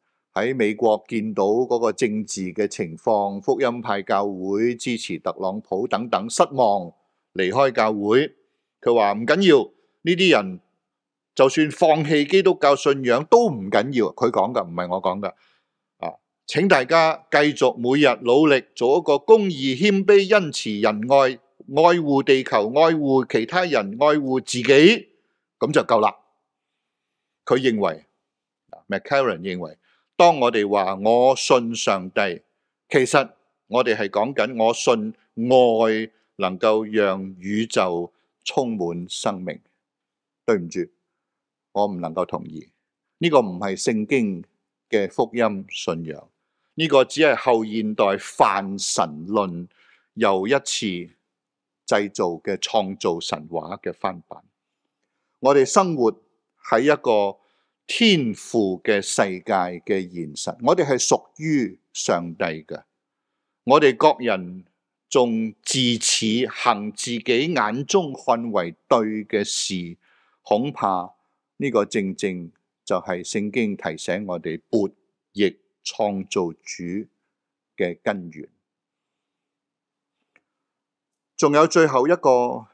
喺美國見到嗰個政治嘅情況，福音派教會支持特朗普等等，失望離開教會。佢話唔緊要，呢啲人就算放棄基督教信仰都唔緊要。佢講嘅唔係我講嘅啊，請大家繼續每日努力做一個公義、謙卑、恩慈、仁愛、愛護地球、愛護其他人、愛護自己，咁就夠啦。佢認為，McCarren 認為。當我哋話，我信上帝，其實我哋係講緊我信愛能夠讓宇宙充滿生命。對唔住，我唔能夠同意呢個，唔係聖經嘅福音信仰，呢個只係後現代泛神論又一次製造嘅創造神話嘅翻版。我哋生活喺一個。天賦嘅世界嘅現實，我哋係屬於上帝嘅。我哋各人仲自此行自己眼中看為對嘅事，恐怕呢個正正就係聖經提醒我哋悖逆創造主嘅根源。仲有最後一個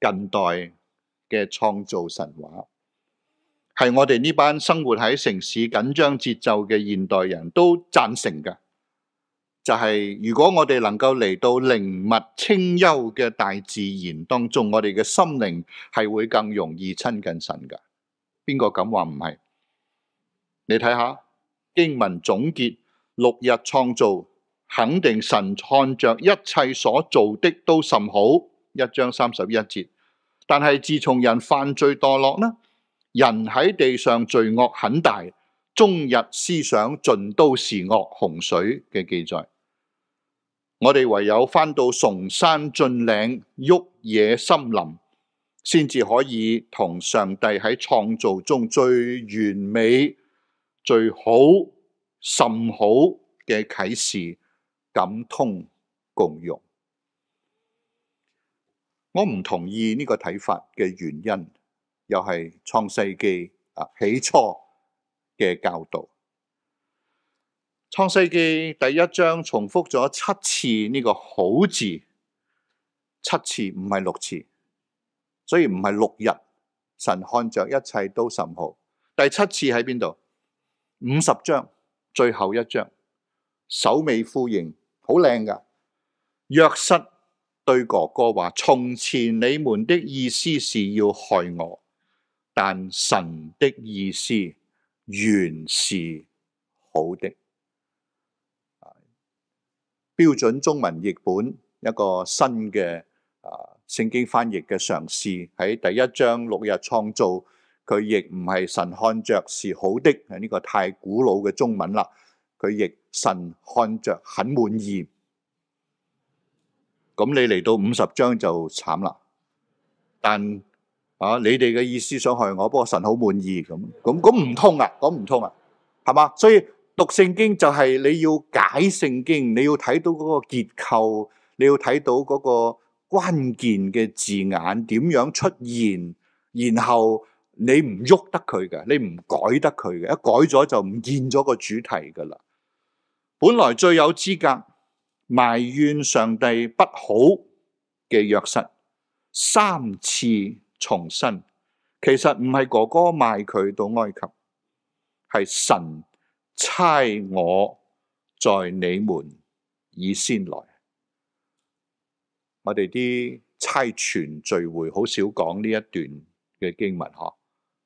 近代嘅創造神話。係我哋呢班生活喺城市緊張節奏嘅現代人都贊成嘅，就係如果我哋能夠嚟到靈物清幽嘅大自然當中，我哋嘅心靈係會更容易親近神嘅。邊個咁話唔係？你睇下經文總結六日創造，肯定神看著一切所做的都甚好，一章三十一節。但係自從人犯罪墮落呢？人喺地上罪惡很大，終日思想盡都是惡，洪水嘅記載。我哋唯有返到崇山峻嶺、沃野森林，先至可以同上帝喺創造中最完美、最好、甚好嘅啟示感通共用。我唔同意呢個睇法嘅原因。又係創世記啊，起初嘅教導。創世記第一章重複咗七次呢個好字，七次唔係六次，所以唔係六日。神看着一切都甚好。第七次喺邊度？五十章最後一章首尾呼應，好靚噶。約瑟對哥哥話：「從前你們的意思是要害我。但神的意思原是好的。標準中文譯本，一個新嘅啊聖經翻譯嘅嘗試，喺第一章六日創造，佢亦唔係神看着是好的，啊、這、呢個太古老嘅中文啦。佢亦神看着很滿意。咁你嚟到五十章就慘啦。但啊！你哋嘅意思想害我，不過神好滿意，咁咁咁唔通啊，講唔通啊，係嘛？所以讀聖經就係你要解聖經，你要睇到嗰個結構，你要睇到嗰個關鍵嘅字眼點樣出現，然後你唔喐得佢嘅，你唔改得佢嘅，一改咗就唔見咗個主題噶啦。本來最有資格埋怨上帝不好嘅約瑟三次。重申其實唔係哥哥賣佢到埃及，係神差我在你們以先來。我哋啲差傳聚會好少講呢一段嘅經文，嗬？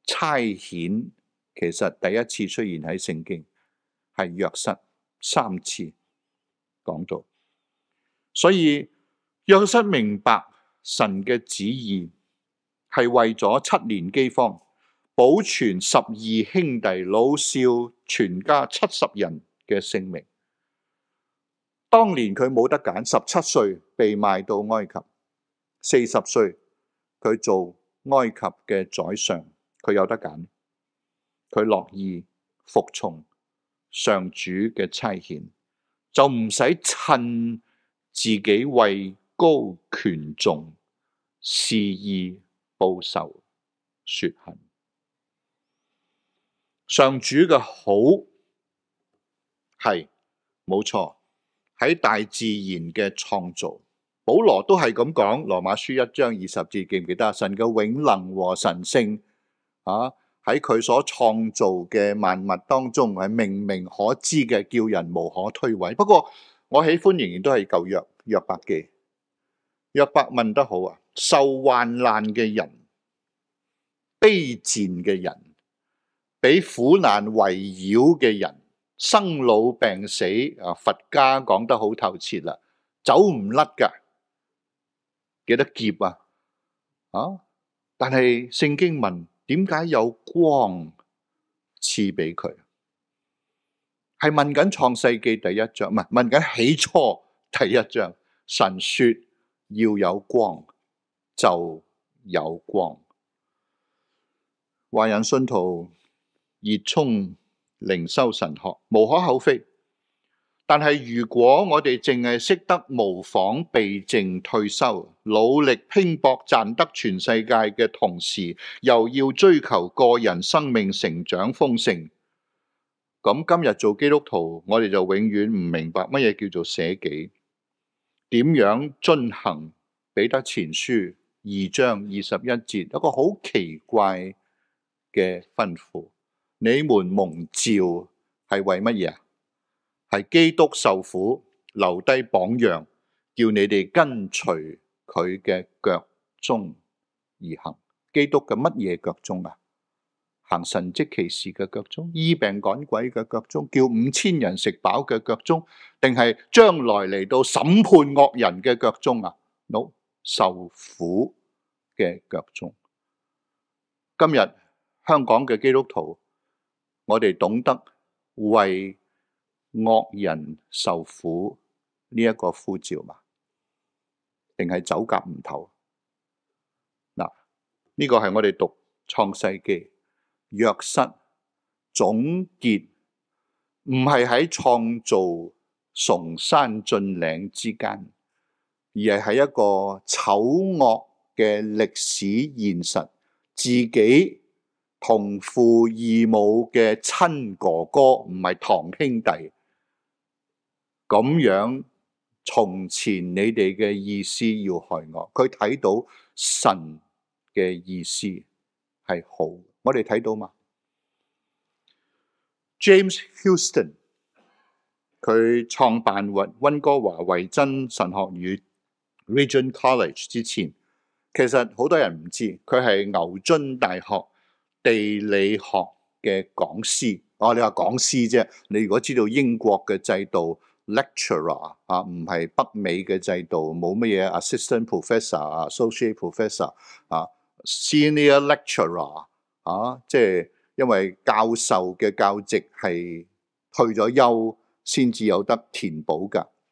差遣其實第一次出現喺聖經係約瑟三次講到，所以約瑟明白神嘅旨意。係為咗七年飢荒，保存十二兄弟老少全家七十人嘅性命。當年佢冇得揀，十七歲被賣到埃及，四十歲佢做埃及嘅宰相，佢有得揀，佢樂意服從上主嘅差遣，就唔使趁自己位高權重，肆意。報仇雪恨，上主嘅好係冇錯喺大自然嘅創造，保羅都係咁講。嗯、羅馬書一章二十節，記唔記得？神嘅永能和神性啊，喺佢所創造嘅萬物當中係明明可知嘅，叫人無可推諉。不過我喜歡仍然都係舊約約伯記，約伯問得好啊！受患難嘅人，卑賤嘅人，俾苦難圍繞嘅人生老病死啊！佛家講得好透徹啦，走唔甩噶，幾多劫啊？啊！但係聖經問，點解有光賜俾佢？係問緊創世記第一章，唔係問緊起初第一章。神說要有光，就有光。華人信徒熱衷靈修神學，無可厚非。但係如果我哋淨係識得模仿被靜退休，努力拼搏賺得全世界嘅同時，又要追求個人生命成長豐盛，咁今日做基督徒，我哋就永遠唔明白乜嘢叫做捨己，點樣進行？彼得前書。二章二十一節有個好奇怪嘅吩咐，你們蒙召係為乜嘢啊？係基督受苦留低榜樣，叫你哋跟隨佢嘅腳蹤而行。基督嘅乜嘢腳蹤啊？行神蹟奇事嘅腳蹤，醫病趕鬼嘅腳蹤，叫五千人食飽嘅腳蹤，定係將來嚟到審判惡人嘅腳蹤啊？No。受苦嘅腳蹤，今日香港嘅基督徒，我哋懂得為惡人受苦呢一個呼召嘛？定係走夾唔唞？嗱，呢、這個係我哋讀創世記約瑟總結，唔係喺創造崇山峻嶺之間。而係一個醜惡嘅歷史現實，自己同父異母嘅親哥哥唔係堂兄弟，咁樣，從前你哋嘅意思要害我，佢睇到神嘅意思係好，我哋睇到嘛？James Houston 佢創辦溫溫哥華維真神學院。Region College 之前，其實好多人唔知佢係牛津大學地理學嘅講師。哦，啊，你話講師啫，你如果知道英國嘅制度，lecturer 啊，唔係北美嘅制度，冇乜嘢 assistant professor 啊，associate professor 啊，senior lecturer 啊，即係因為教授嘅教職係退咗休先至有得填補㗎。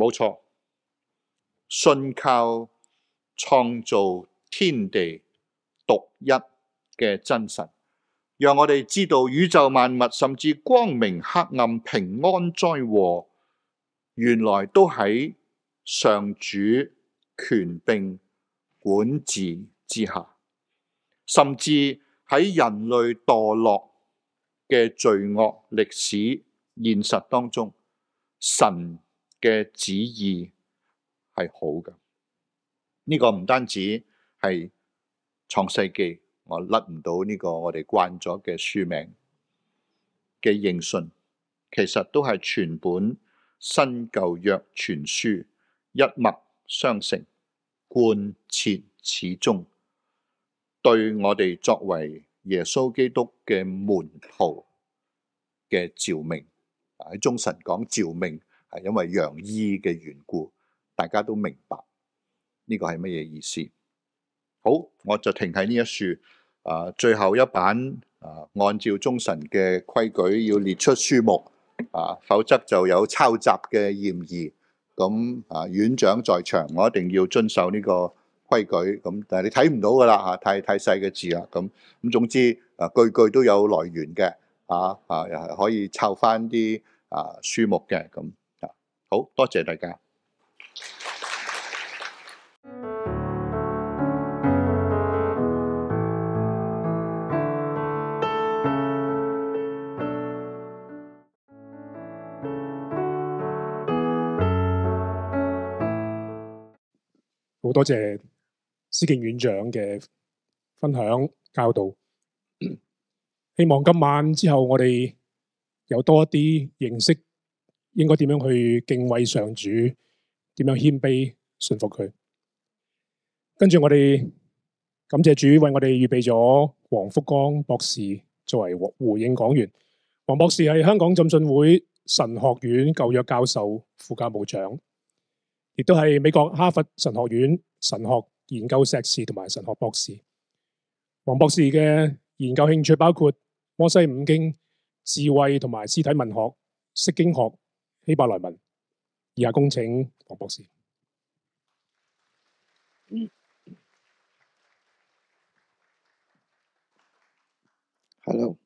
冇錯，信靠創造天地獨一嘅真神，讓我哋知道宇宙萬物，甚至光明、黑暗、平安、災禍，原來都喺上主權柄管治之下。甚至喺人類墮落嘅罪惡歷史現實當中，神。嘅旨意係好嘅，呢、這個唔單止係創世記，我甩唔到呢個我哋慣咗嘅書名嘅認信，其實都係全本新舊約全書一脈相承，貫徹始終，對我哋作為耶穌基督嘅門徒嘅召命，喺中神講召命。係因為洋醫嘅緣故，大家都明白呢、這個係乜嘢意思。好，我就停喺呢一樹啊。最後一版啊，按照中神嘅規矩要列出書目啊，否則就有抄襲嘅嫌疑。咁啊，院長在場，我一定要遵守呢個規矩。咁、啊、但係你睇唔到㗎啦，嚇、啊、太太細嘅字啦。咁、啊、咁總之啊，句句都有來源嘅啊啊，又、啊、係可以抄返啲啊書目嘅咁。啊。好多謝大家，好多謝思敬院長嘅分享教導。 <coughs> 希望今晚之後，我哋有多一啲認識。應該點樣去敬畏上主？點樣謙卑順服佢？跟住我哋感謝主為我哋預備咗黃福光博士作為回應講員。黃博士係香港浸信會神學院舊約教授、副教務長，亦都係美國哈佛神學院神學研究碩士同埋神學博士。黃博士嘅研究興趣包括摩西五經、智慧同埋詩體文學、釋經學。李百萊文，以下恭請黃博士。Hello，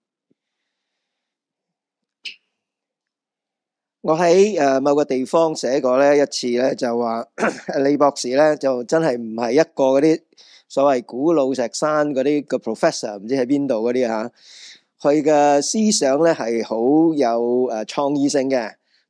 我喺誒某個地方寫過咧一次咧，就話李博士咧就真係唔係一個嗰啲所謂古老石山嗰啲個 professor，唔知喺邊度嗰啲吓，佢嘅思想咧係好有誒創意性嘅。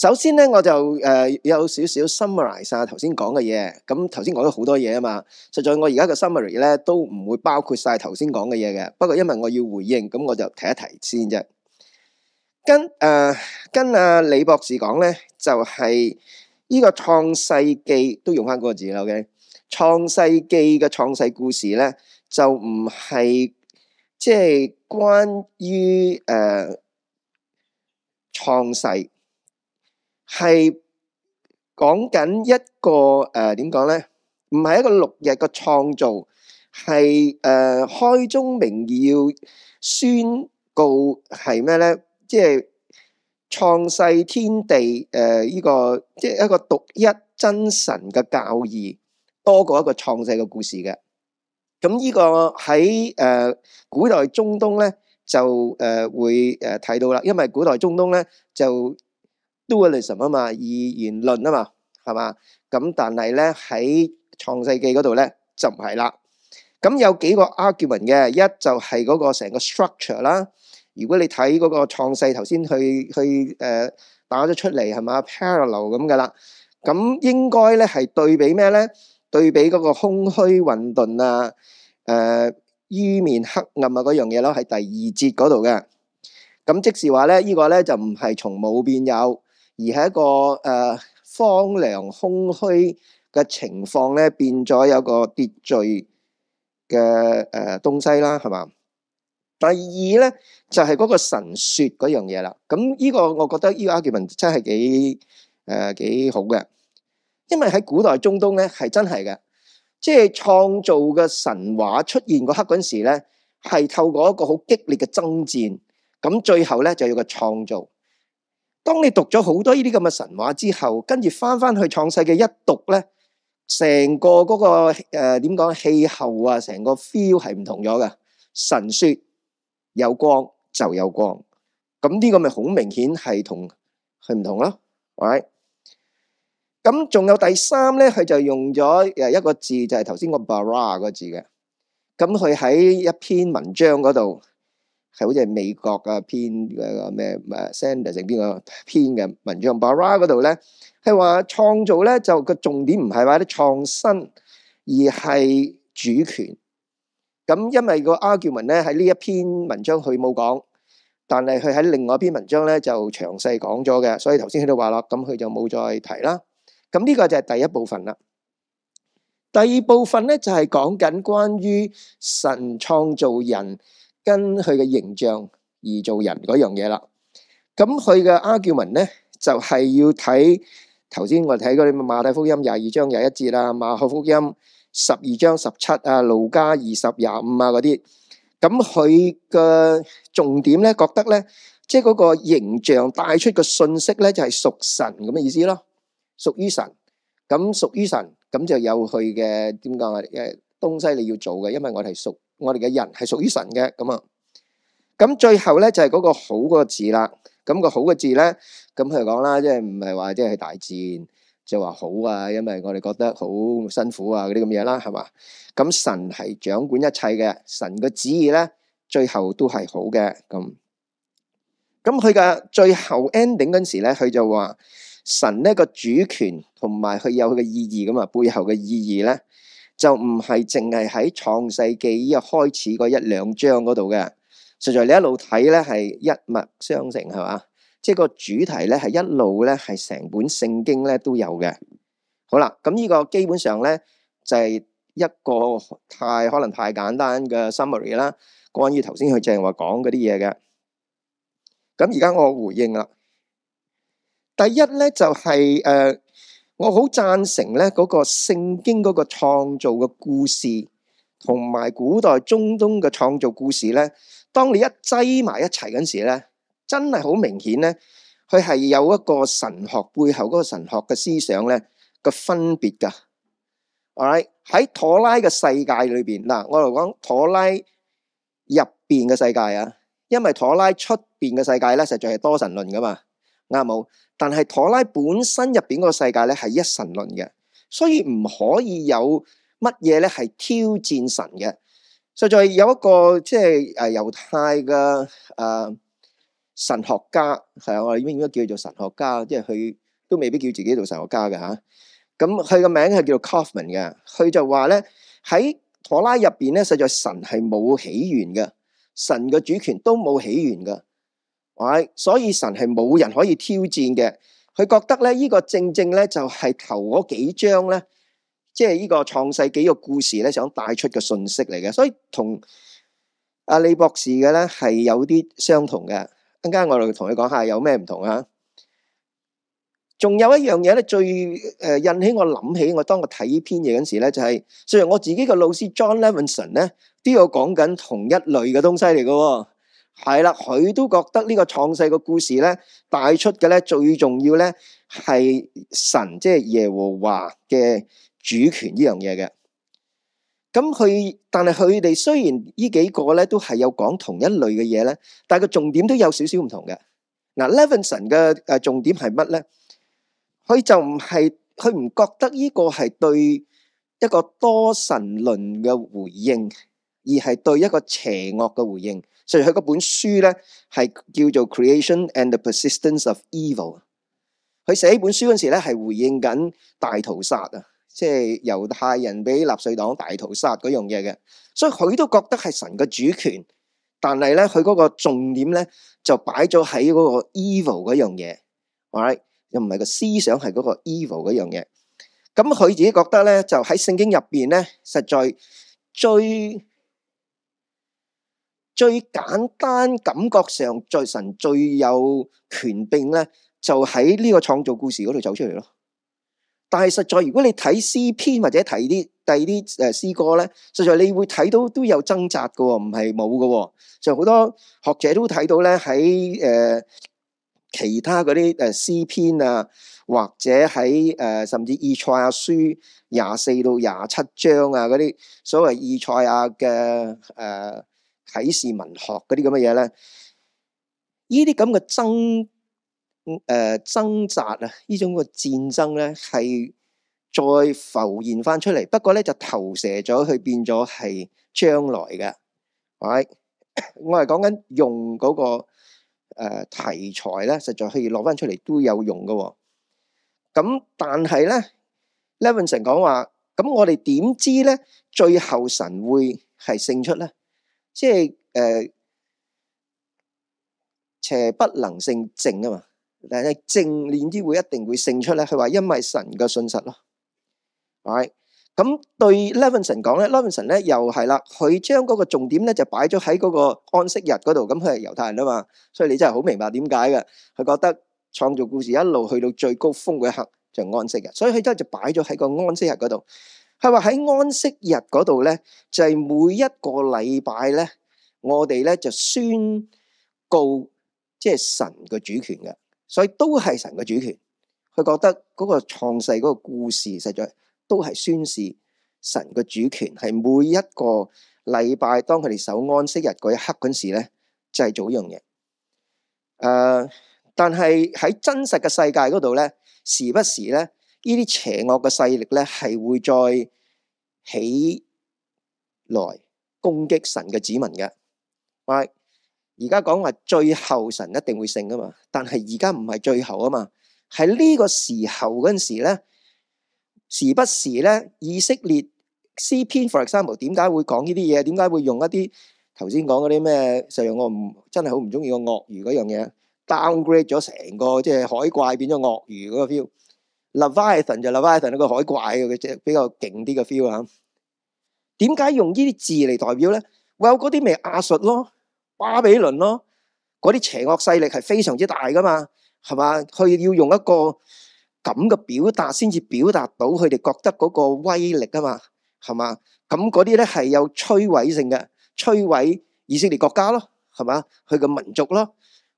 首先咧，我就誒、呃、有少少 summarize 啊，頭先講嘅嘢。咁頭先講咗好多嘢啊嘛。實在我而家嘅 summary 咧，都唔會包括晒頭先講嘅嘢嘅。不過因為我要回應，咁我就提一提先啫、呃。跟誒跟阿李博士講咧，就係、是、呢個創世記都用翻嗰個字啦，OK？創世記嘅創世故事咧，就唔係即係關於誒創世。係講緊一個誒點講咧？唔係一個六日嘅創造，係誒開宗明義要宣告係咩咧？即係創世天地誒呢個即係一個獨一真神嘅教義，多過一個創世嘅故事嘅。咁呢個喺誒古代中東咧就誒會誒睇到啦，因為古代中東咧就。Dualism 啊嘛，ism, 二元論啊嘛，係嘛咁？但係咧喺創世記嗰度咧就唔係啦。咁有幾個 argument 嘅，一就係嗰個成個 structure 啦。如果你睇嗰個創世頭先去去誒、呃、打咗出嚟係嘛 parallel 咁㗎啦。咁應該咧係對比咩咧？對比嗰個空虛混沌啊，誒、呃、淵面黑暗啊嗰樣嘢咯，喺第二節嗰度嘅。咁即是話咧，呢、呢個咧就唔係從冇變有。而係一個荒涼、呃、空虛嘅情況咧，變咗有個秩序嘅誒、呃、東西啦，係嘛？第二咧就係、是、嗰個神説嗰樣嘢啦。咁呢個我覺得 u 個 e n 文真係幾、呃、好嘅，因為喺古代中東咧係真係嘅，即係創造嘅神話出現嗰刻嗰陣時咧，係透過一個好激烈嘅爭戰，咁最後咧就要個創造。當你讀咗好多呢啲咁嘅神話之後，跟住翻翻去創世嘅一讀咧，成個嗰、那個誒點講氣候啊，成個 feel 係唔同咗嘅。神說有光就有光，咁、這、呢個咪好明顯係同係唔同咯，喂，咪？咁仲有第三咧，佢就用咗誒一個字，就係、是、頭先個 bara、ah、個字嘅。咁佢喺一篇文章嗰度。係好似係美國啊，的編嘅咩誒 Sanders 定邊個編嘅文章？Bara 嗰度咧係話創造咧就個重點唔係話啲創新，而係主權。咁因為個 argument 咧喺呢一篇文章佢冇講，但係佢喺另外一篇文章咧就詳細講咗嘅，所以頭先喺度話咯，咁佢就冇再提啦。咁呢個就係第一部分啦。第二部分咧就係講緊關於神創造人。跟佢嘅形象而做人嗰樣嘢啦，咁佢嘅 argument 咧就係、是、要睇頭先我哋睇嗰啲馬太福音廿二章廿一節啦，馬可福音十二章十七啊，路加二十廿五啊嗰啲，咁佢嘅重點咧覺得咧，即、就、係、是、個形象帶出個信息咧就係、是、屬神咁嘅意思咯，屬於神，咁屬於神咁就有佢嘅點講啊，嘅東西你要做嘅，因為我哋係屬。我哋嘅人係屬於神嘅，咁啊，咁最後咧就係、是、嗰個好嗰個字啦。咁、個好嘅字咧，咁佢就講啦，即係唔係話即係大戰，就話好啊，因為我哋覺得好辛苦啊嗰啲咁嘢啦，係嘛？咁神係掌管一切嘅，神嘅旨意咧，最後都係好嘅。咁咁佢嘅最後 ending 嗰時咧，佢就話神呢個主權同埋佢有佢嘅意義噶嘛，背後嘅意義咧。就唔係淨係喺創世紀一開始嗰一兩章嗰度嘅，實在你一路睇咧，係一脈相承係嘛，即係、就是、個主題咧係一路咧係成本聖經咧都有嘅。好啦，咁呢個基本上咧就係、是、一個太可能太簡單嘅 summary 啦，關於頭先佢正話講嗰啲嘢嘅。咁而家我回應啦，第一咧就係、是、誒。呃我好贊成咧嗰個聖經嗰個創造嘅故事，同埋古代中東嘅創造故事咧，當你一擠埋一齊嗰時咧，真係好明顯咧，佢係有一個神學背後嗰個神學嘅思想咧個分別噶。All right，喺妥拉嘅世界裏邊嗱，我嚟講妥拉入邊嘅世界啊，因為妥拉出邊嘅世界咧，實在係多神論噶嘛，啱冇？但係妥拉本身入邊個世界咧，係一神論嘅，所以唔可以有乜嘢咧係挑戰神嘅。實在有一個即係誒猶太嘅誒神學家，係啊，我哋應該叫做神學家，即係佢都未必叫自己做神學家嘅吓。咁佢個名係叫做 Kaufmann 嘅，佢就話咧喺妥拉入邊咧，實在神係冇起源嘅，神嘅主權都冇起源噶。喂，所以神係冇人可以挑戰嘅。佢覺得咧，呢個正正咧就係頭嗰幾章咧，即係呢個創世幾個故事咧，想帶出嘅信息嚟嘅。所以同阿李博士嘅咧係有啲相同嘅。一陣間我哋同你講下有咩唔同啊。仲有一樣嘢咧，最誒引起我諗起我當我睇呢篇嘢嗰時咧，就係雖然我自己嘅老師 John Levinson 咧，都要講緊同一類嘅東西嚟嘅。係啦，佢都覺得呢個創世嘅故事咧，帶出嘅咧最重要咧係神，即係耶和華嘅主權呢樣嘢嘅。咁佢，但係佢哋雖然呢幾個咧都係有講同一類嘅嘢咧，但係個重點都有少少唔同嘅。嗱，Levinson 嘅誒重點係乜咧？佢就唔係，佢唔覺得呢個係對一個多神論嘅回應。而係對一個邪惡嘅回應。所以佢嗰本書咧係叫做《Creation and the Persistence of Evil》。佢寫呢本書嗰時咧係回應緊大屠殺啊，即係猶太人俾納粹黨大屠殺嗰樣嘢嘅。所以佢都覺得係神嘅主權，但係咧佢嗰個重點咧就擺咗喺嗰個 evil 嗰樣嘢，又唔係個思想係嗰個 evil 嗰樣嘢。咁佢自己覺得咧就喺聖經入邊咧實在最。最簡單感覺上，最神最有權柄咧，就喺呢個創造故事嗰度走出嚟咯。但係實在，如果你睇詩篇或者睇啲第二啲誒詩歌咧，實在你會睇到都有掙扎㗎喎，唔係冇㗎喎。就好多學者都睇到咧，喺誒其他嗰啲誒詩篇啊，或者喺誒甚至以賽亞書廿四到廿七章啊嗰啲所謂以賽亞嘅誒。啟示文學嗰啲咁嘅嘢咧，呢啲咁嘅爭誒掙扎啊，呢、呃、種嘅戰爭咧係再浮現翻出嚟。不過咧就投射咗，去變咗係將來嘅。喂，我係講緊用嗰、那個誒、呃、題材咧，實在可以攞翻出嚟都有用嘅、哦。咁但係咧，Levinson 講話，咁我哋點知咧最後神會係勝出咧？即係誒、呃、邪不能勝正啊嘛，但係正念啲會一定會勝出咧。佢話因為神嘅信實咯，係咁對 Levinson 講咧，Levinson 咧又係啦，佢將嗰個重點咧就擺咗喺嗰個安息日嗰度。咁佢係猶太人啊嘛，所以你真係好明白點解嘅。佢覺得創造故事一路去到最高峰嗰一刻就係安息嘅，所以佢真係就擺咗喺個安息日嗰度。係話喺安息日嗰度咧，就係每一個禮拜咧，我哋咧就宣告即係神嘅主權嘅，所以都係神嘅主權。佢覺得嗰個創世嗰個故事，實在都係宣示神嘅主權。係每一個禮拜，當佢哋守安息日嗰一刻嗰時咧，就係做呢樣嘢。誒，但係喺真實嘅世界嗰度咧，時不時咧。呢啲邪惡嘅勢力咧，係會再起來攻擊神嘅子民嘅。而家講話最後神一定會勝噶嘛，但係而家唔係最後啊嘛。喺呢個時候嗰陣時咧，時不時咧，以色列 c p for example） 點解會講呢啲嘢？點解會用一啲頭先講嗰啲咩？就用我唔真係好唔中意個鱷魚嗰樣嘢，downgrade 咗成個即係海怪變咗鱷魚嗰個 feel。Leviathan 就 Leviathan，一個海怪嘅，隻比較勁啲嘅 feel 啊！點解用呢啲字嚟代表咧？Well，有嗰啲咪亞述咯、巴比倫咯，嗰啲邪惡勢力係非常之大噶嘛，係嘛？佢要用一個咁嘅表達先至表達到佢哋覺得嗰個威力啊嘛，係嘛？咁嗰啲咧係有摧毀性嘅，摧毀以色列國家咯，係嘛？佢嘅民族咯，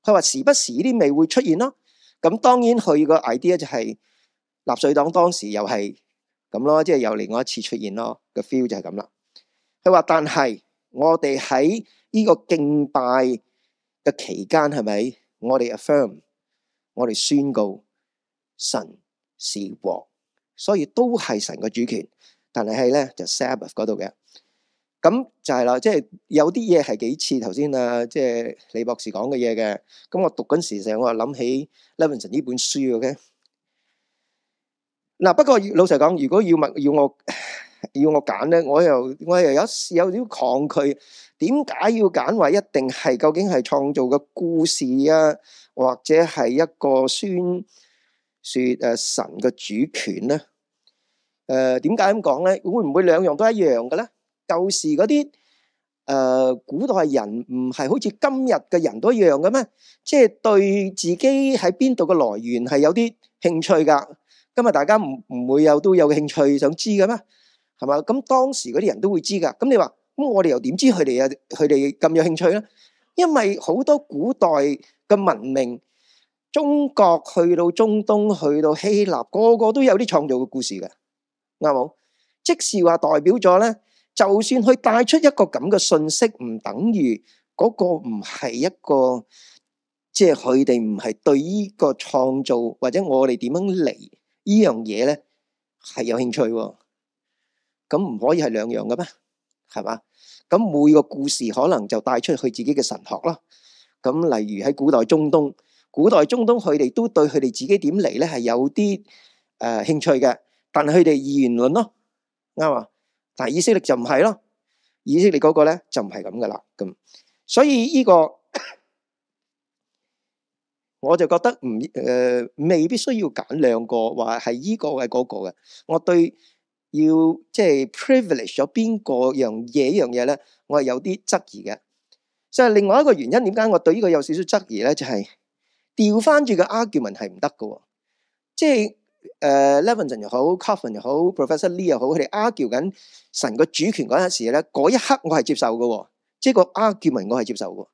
佢話時不時啲未會出現咯。咁當然佢個 idea 就係、是。納粹黨當時又係咁咯，即係又另外一次出現咯，個 feel 就係咁啦。佢話但係我哋喺呢個敬拜嘅期間係咪？我哋 affirm，我哋宣告神是王，所以都係神嘅主權。但係係咧就 Sabbath 嗰度嘅，咁就係啦。即係有啲嘢係幾似頭先啊，即係李博士講嘅嘢嘅。咁我讀緊時成日我又諗起 Levinson 呢本書嘅。嗱，不過老實講，如果要問要我要我揀咧，我又我又有有少抗拒。點解要揀話一定係究竟係創造嘅故事啊，或者係一個宣説誒、啊、神嘅主權咧？誒點解咁講咧？會唔會兩樣都一樣嘅咧？舊時嗰啲誒古代人唔係好似今日嘅人都一樣嘅咩？即係對自己喺邊度嘅來源係有啲興趣㗎。今日大家唔唔會有都會有興趣想知嘅咩？係嘛？咁當時嗰啲人都會知㗎。咁你話咁我哋又點知佢哋有佢哋咁有興趣咧？因為好多古代嘅文明，中國去到中東，去到希臘，個個都有啲創造嘅故事嘅，啱冇？即是話代表咗咧，就算佢帶出一個咁嘅信息，唔等於嗰個唔係一個，即係佢哋唔係對依個創造或者我哋點樣嚟？呢樣嘢咧係有興趣，咁唔可以係兩樣嘅咩？係嘛？咁每個故事可能就帶出佢自己嘅神學啦。咁例如喺古代中東，古代中東佢哋都對佢哋自己點嚟咧係有啲誒興趣嘅，但係佢哋二元論咯，啱啊。但係以色列就唔係咯，以色列嗰個咧就唔係咁噶啦。咁所以呢個。我就覺得唔誒、呃，未必需要揀兩個話係依個係嗰個嘅。我對要即係 privilege 咗邊個樣嘢呢樣嘢咧，我係有啲質疑嘅。就係另外一個原因，點解我對呢個有少少質疑咧？就係調翻住個 argument 係唔得嘅。即係誒，Levinson 又好，Coffin 又好，Professor Lee 又好，佢哋 argue 緊神個主權嗰一時咧，嗰一刻我係接受嘅。即係個 argument 我係接受嘅。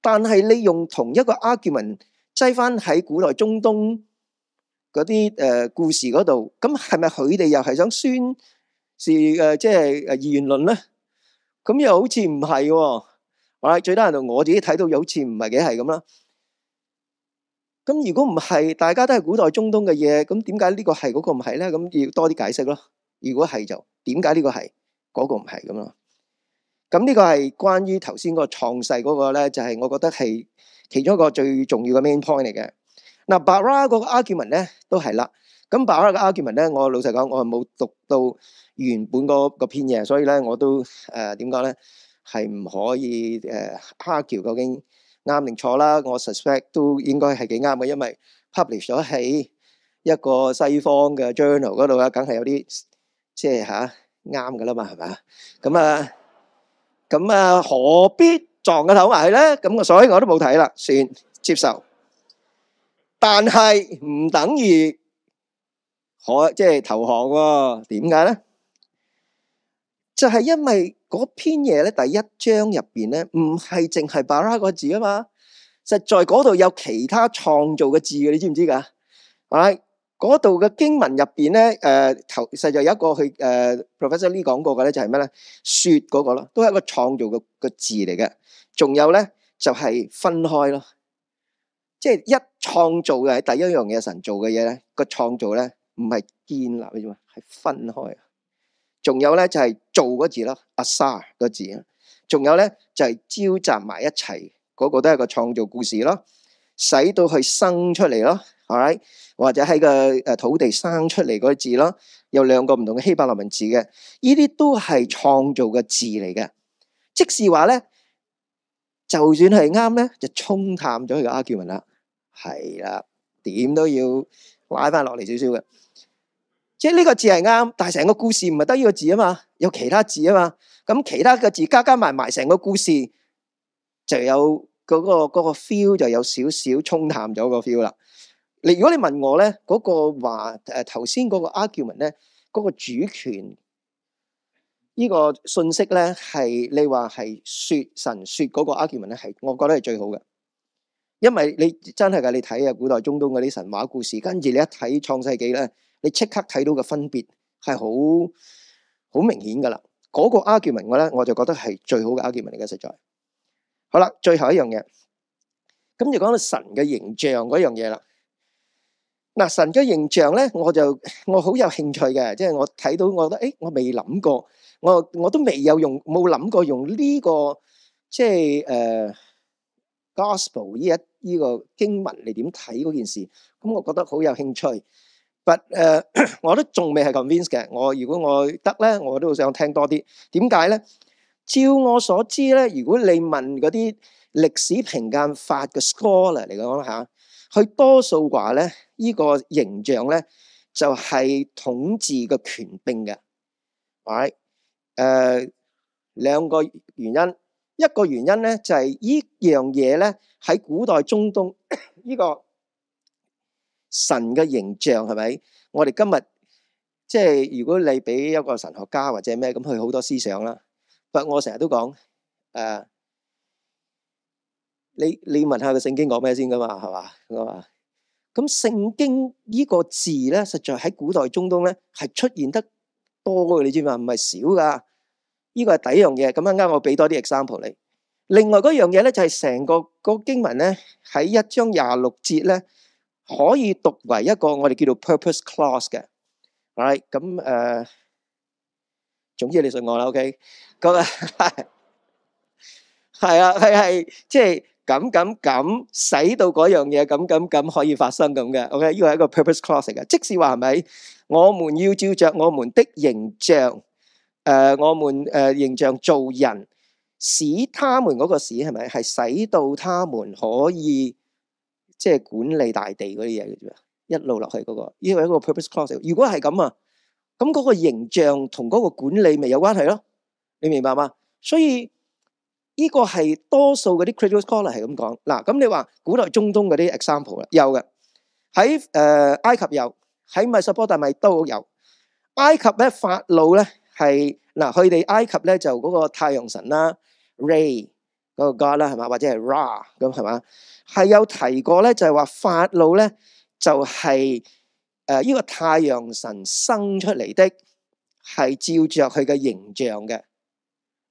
但係利用同一個 argument。睇翻喺古代中東嗰啲誒故事嗰度，咁係咪佢哋又係想宣示誒、呃、即係誒二元論咧？咁又好似唔係喎。或者最多人我自己睇到又好似唔係幾係咁啦。咁如果唔係，大家都係古代中東嘅嘢，咁點解呢個係嗰個唔係咧？咁要多啲解釋咯。如果係就點解、那個、呢個係嗰個唔係咁咯？咁呢個係關於頭先個創世嗰個咧，就係、是、我覺得係其中一個最重要嘅 main point 嚟嘅，嗱，巴拉嗰個 argument 咧都係啦。咁巴拉嘅 argument 咧，我老實講，我係冇讀到原本嗰個篇嘢，所以咧我都誒點講咧，係唔可以誒 argue 究竟啱定錯啦？我 suspect 都應該係幾啱嘅，因為 publish 咗喺一個西方嘅 journal 嗰度啊，梗係有啲即係嚇啱嘅啦嘛，係咪啊？咁啊，咁啊，何必？撞個頭埋去咧，咁所以我都冇睇啦，算接受。但係唔等於可即係投降喎？點解咧？就係、是、因為嗰篇嘢咧，第一章入邊咧，唔係淨係 Bara 個字啊嘛。實、就是、在嗰度有其他創造嘅字嘅，你知唔知噶？但係嗰度嘅經文入邊咧，誒、呃，頭實在有一個去誒、呃、Professor Lee 講過嘅咧，就係咩咧？說嗰、那個咯，都係一個創造嘅、那個字嚟嘅。仲有咧，就係、是、分開咯，即係一創造嘅喺第一樣嘢，神做嘅嘢咧，個創造咧唔係建立啊嘛，係分開啊。仲有咧，就係做嗰字咯，阿 sar 個字啊。仲有咧，就係召集埋一齊，嗰個都係個創造故事咯，使到佢生出嚟咯，係咪？或者喺個誒土地生出嚟嗰字咯，有兩個唔同嘅希伯來文字嘅，呢啲都係創造嘅字嚟嘅，即是話咧。就算係啱咧，就沖淡咗佢個 argument 啦。係啦，點都要歪翻落嚟少少嘅。即係呢個字係啱，但係成個故事唔係得呢個字啊嘛，有其他字啊嘛。咁其他嘅字加加埋埋，成個故事就有嗰個嗰個 feel 就有少少沖淡咗個 feel 啦。你如果你問我咧，嗰個話誒頭先嗰個 argument 咧，嗰個主權。呢個信息咧係你話係説神説嗰個 argument 咧係，我覺得係最好嘅，因為你真係噶，你睇下古代中東嗰啲神話故事，跟住你一睇創世記咧，你即刻睇到嘅分別係好好明顯噶啦。嗰個 argument 咧，我就覺得係最好嘅 argument 嚟嘅實在。好啦，最後一樣嘢，咁就講到神嘅形象嗰樣嘢啦。嗱，神嘅形象咧，我就我好有興趣嘅，即、就、係、是、我睇到，我覺得，誒，我未諗過，我我都未有用，冇諗過用呢、這個即係誒、呃、Gospel 呢一呢、這個經文嚟點睇嗰件事，咁我覺得好有興趣，但誒、呃， <coughs> 我都仲未係 convince 嘅。我如果我得咧，我都想聽多啲。點解咧？照我所知咧，如果你問嗰啲歷史評價法歷史評鑑法嘅 scholar 嚟講吓，佢多數話咧。呢個形象咧就係、是、統治嘅權柄嘅，係誒兩個原因。一個原因咧就係、是、呢樣嘢咧喺古代中東呢、這個神嘅形象係咪？我哋今日即係如果你俾一個神學家或者咩咁，佢好多思想啦。不過我成日都講誒、呃，你你問下個聖經講咩先㗎嘛，係嘛？咁《聖經》呢個字咧，實在喺古代中東咧係出現得多嘅，你知嘛？唔係少㗎。呢個係第一樣嘢。咁啱啱，我俾多啲 example 你。另外嗰樣嘢咧，就係成個個經文咧喺一章廿六節咧，可以讀為一個我哋叫做 purpose clause 嘅。Alright，咁誒，總之你信我啦，OK。嗰個係啊，係係即係。咁咁咁使到嗰樣嘢咁咁咁可以發生咁嘅，OK？呢個係一個 purpose clause 嘅，即使話係咪，我們要照着我們的形象，誒，我們誒形象做人，使他們嗰個使係咪係使到他們可以即係管理大地嗰啲嘢嘅啫，一路落去嗰個呢個係一個 purpose clause。如果係咁啊，咁嗰個形象同嗰個管理咪有關係咯？你明白嗎？所以。呢個係多數嗰啲 critical scholar 係咁講，嗱，咁你話古代中東嗰啲 example 啦，有嘅，喺誒埃及有，喺 Mesopotamia 都有。埃及咧，法老咧係，嗱，佢哋埃及咧就嗰個太陽神啦，Ra 嗰個 god 啦係嘛，或者係 Ra 咁係嘛，係有提過咧，就係話法老咧就係誒依個太陽神生出嚟的，係照着佢嘅形象嘅。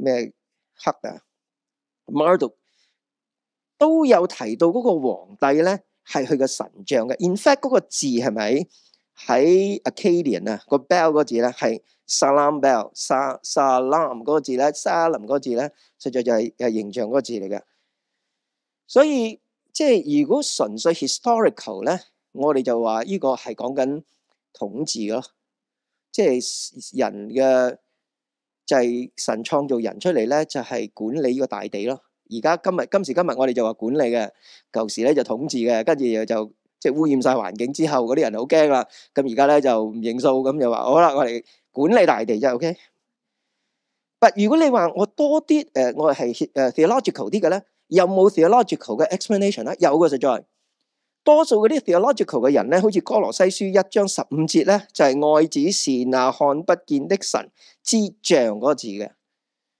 咩黑啊？Marduk 都有提到嗰個皇帝咧，係佢嘅神像嘅。In fact，嗰個字係咪喺 Akkadian 啊個 bell 嗰個字咧，係 salam bell sal salam 嗰個字咧 salam 嗰個字咧，實在就係係形象嗰個字嚟嘅。所以即係如果純粹 historical 咧，我哋就話呢個係講緊統治咯，即係人嘅。就係神創造人出嚟咧，就係管理呢個大地咯。而家今日今時今日，我哋就話管理嘅，舊時咧就統治嘅。跟住又就即係污染晒環境之後，嗰啲人好驚啦。咁而家咧就唔認數，咁就話好啦，我哋管理大地啫。OK。但如果你話我多啲誒，我係誒 theological 啲嘅咧，有冇 theological 嘅 explanation 咧？有嘅，實在，多數嗰啲 theological 嘅人咧，好似哥羅西書一章十五節咧，就係愛子善啊，看不見的神。師像嗰個字嘅，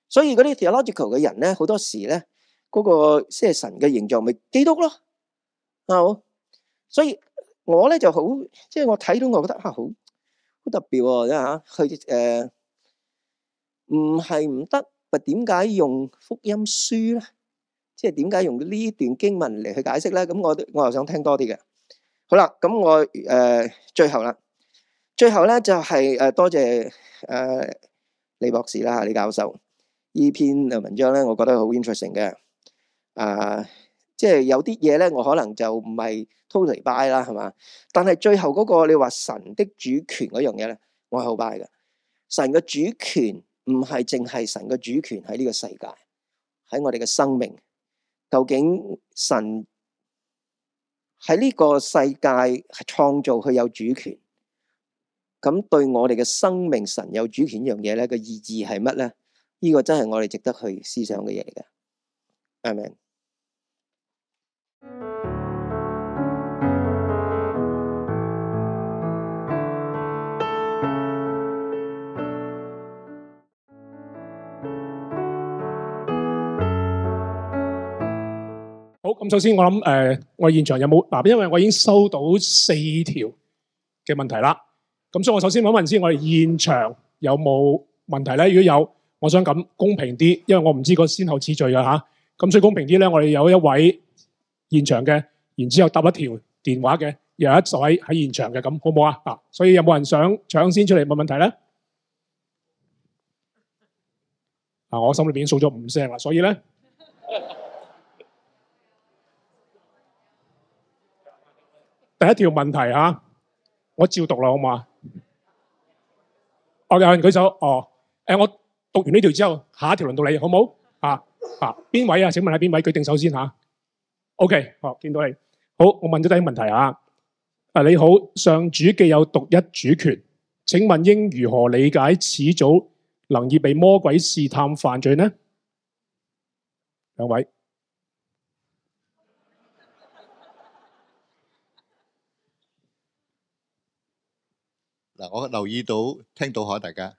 所以嗰啲 theological 嘅人咧，好多時咧嗰、那個即係神嘅形象咪基督咯，係咪？所以我咧就好，即、就、係、是、我睇到我覺得啊，好好特別，真係吓佢誒唔係唔得，咪點解用福音書咧？即係點解用呢段經文嚟去解釋咧？咁我我又想聽多啲嘅。好啦，咁我誒、啊、最後啦，最後咧就係、是、誒、啊、多謝誒。啊李博士啦，李教授，呢篇嘅文章咧，我覺得好 interesting 嘅。啊、呃，即係有啲嘢咧，我可能就唔係 totally buy 啦，係嘛？但係最後嗰、嗰個你話神的主權嗰樣嘢咧，我係好 buy 嘅。神嘅主權唔係淨係神嘅主權喺呢個世界，喺我哋嘅生命，究竟神喺呢個世界創造佢有主權。咁對我哋嘅生命神有主權，樣嘢呢個意義係乜呢？呢個真係我哋值得去思想嘅嘢嚟嘅。阿明，好，咁，首先我諗，誒，我現場有冇？嗱，因為我已經收到四條嘅問題啦。咁所以，我首先問問先，我哋現場有冇問題咧？如果有，我想咁公平啲，因為我唔知個先後次序㗎吓。咁所以公平啲咧，我哋有一位現場嘅然之後搭一條電話嘅，又有一位喺現場嘅，咁好唔好啊？啊，所以有冇人想搶先出嚟問問題咧？啊，我心裏面已經數咗五聲啦，所以咧，第一條問題吓，我照讀啦，好唔好啊？我有人舉手哦，誒，我讀完呢條之後，下一條輪到你，好唔好？啊啊，邊位啊？請問係邊位舉定手先、啊、o、okay, K，哦，見到你，好，我問咗第一問題啊。啊，你好，上主既有獨一主權，請問應如何理解始祖能以被魔鬼試探犯罪呢？兩位。嗱，我留意到，聽到下大家，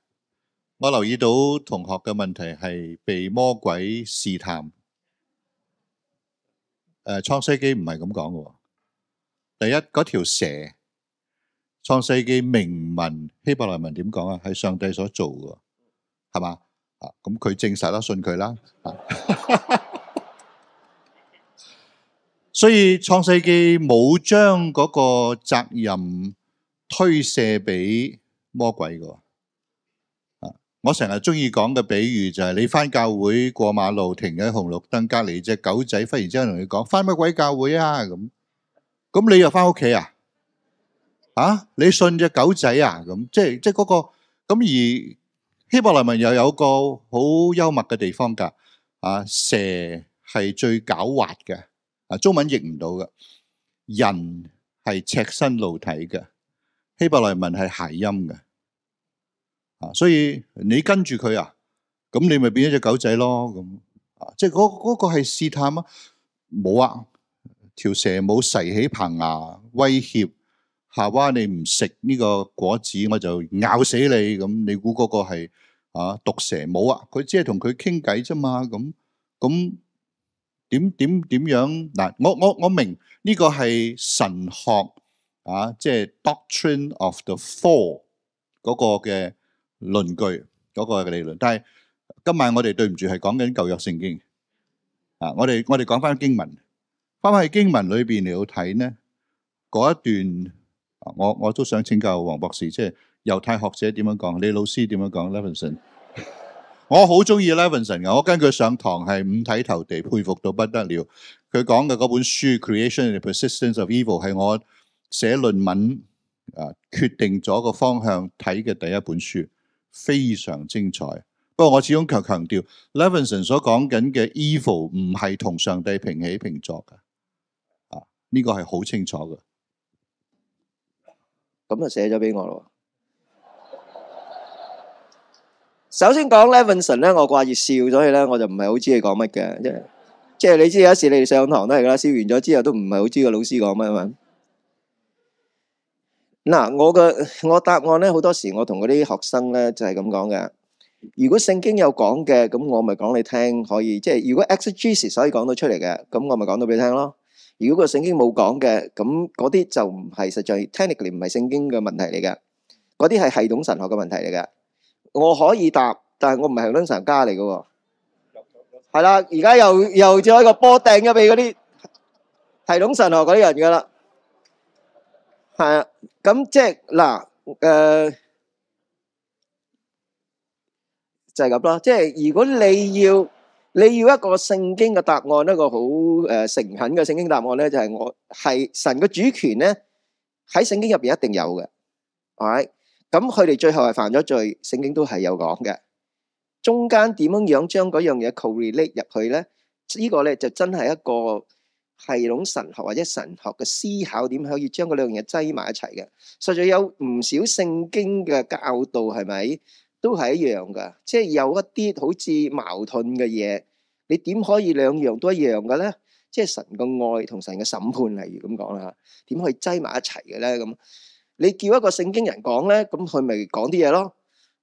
我留意到同學嘅問題係被魔鬼試探。誒，創世記唔係咁講嘅喎。第一，嗰條蛇，創世記明文希伯來文點講啊？係上帝所做嘅，係嘛？啊，咁佢證實啦，信佢啦。所以創世記冇將嗰個責任。推卸俾魔鬼嘅，啊！我成日中意講嘅比喻就係你翻教會過馬路，停喺紅綠燈隔籬隻狗仔，忽然之間同你講翻乜鬼教會啊咁，咁你又翻屋企啊？啊！你信隻狗仔啊？咁即係即係、那、嗰個咁而希伯來文又有個好幽默嘅地方噶，啊蛇係最狡猾嘅，啊中文譯唔到嘅，人係赤身露體嘅。希伯來文係諧音嘅，啊，所以你跟住佢啊，咁你咪變咗隻狗仔咯，咁啊，即係嗰嗰個係試探啊？冇啊，條蛇冇噬起棚牙威脅夏娃，啊，你唔食呢個果子，我就咬死你。咁你估嗰個係啊毒蛇冇啊？佢只係同佢傾偈啫嘛，咁咁點點點樣嗱？我我我明呢個係神學。啊，即係 doctrine of the four 嗰個嘅論據嗰個嘅理論，但係今晚我哋對唔住，係講緊舊約聖經啊。我哋我哋講翻經文，翻翻去經文裏邊你要睇呢嗰一段。我我都想請教黃博士，即係猶太學者點樣講，你老師點樣講。Levinson， <laughs> 我好中意 Levinson 嘅，我跟佢上堂係五體投地，佩服到不得了。佢講嘅嗰本書《Creation and the Persistence of Evil》係我。寫論文啊，決定咗個方向睇嘅第一本書，非常精彩。不過我始終強強調 <music> ，Levinson 所講緊嘅 evil 唔係同上帝平起平坐嘅，啊呢個係好清楚嘅。咁就寫咗俾我咯。首先講 Levinson 咧，我掛住笑，所以咧我就唔係好知佢講乜嘅，即係即係你知有時你哋上堂都係啦，笑完咗之後都唔係好知個老師講乜啊嘛。嗱，我嘅我答案咧，好多時我同嗰啲學生咧就係咁講嘅。如果聖經有講嘅，咁我咪講你聽可以。即係如果 exegesis 可以講到出嚟嘅，咁我咪講到俾你聽咯。如果個聖經冇講嘅，咁嗰啲就唔係實在 technically 唔係聖經嘅問題嚟嘅，嗰啲係系統神學嘅問題嚟嘅。我可以答，但係我唔係系統神家嚟嘅、哦。係啦、嗯，而、嗯、家又又做一個波掟入俾嗰啲系統神學嗰啲人噶啦。係啊，咁即係嗱，誒，就係咁咯。即係如果你要你要一個聖經嘅答案，一個好誒誠懇嘅聖經答案咧，就係我係神嘅主權咧，喺聖經入邊一定有嘅。係，咁佢哋最後係犯咗罪，聖經都係有講嘅。中間點樣樣將嗰樣嘢 correlate 入去咧？呢個咧就真係一個。系統神學或者神學嘅思考點可以將嗰兩樣嘢擠埋一齊嘅？實在有唔少聖經嘅教導，係咪都係一樣嘅？即係有一啲好似矛盾嘅嘢，你點可以兩樣都一樣嘅咧？即係神嘅愛同神嘅審判，例如咁講啦，點可以擠埋一齊嘅咧？咁你叫一個聖經人講咧，咁佢咪講啲嘢咯？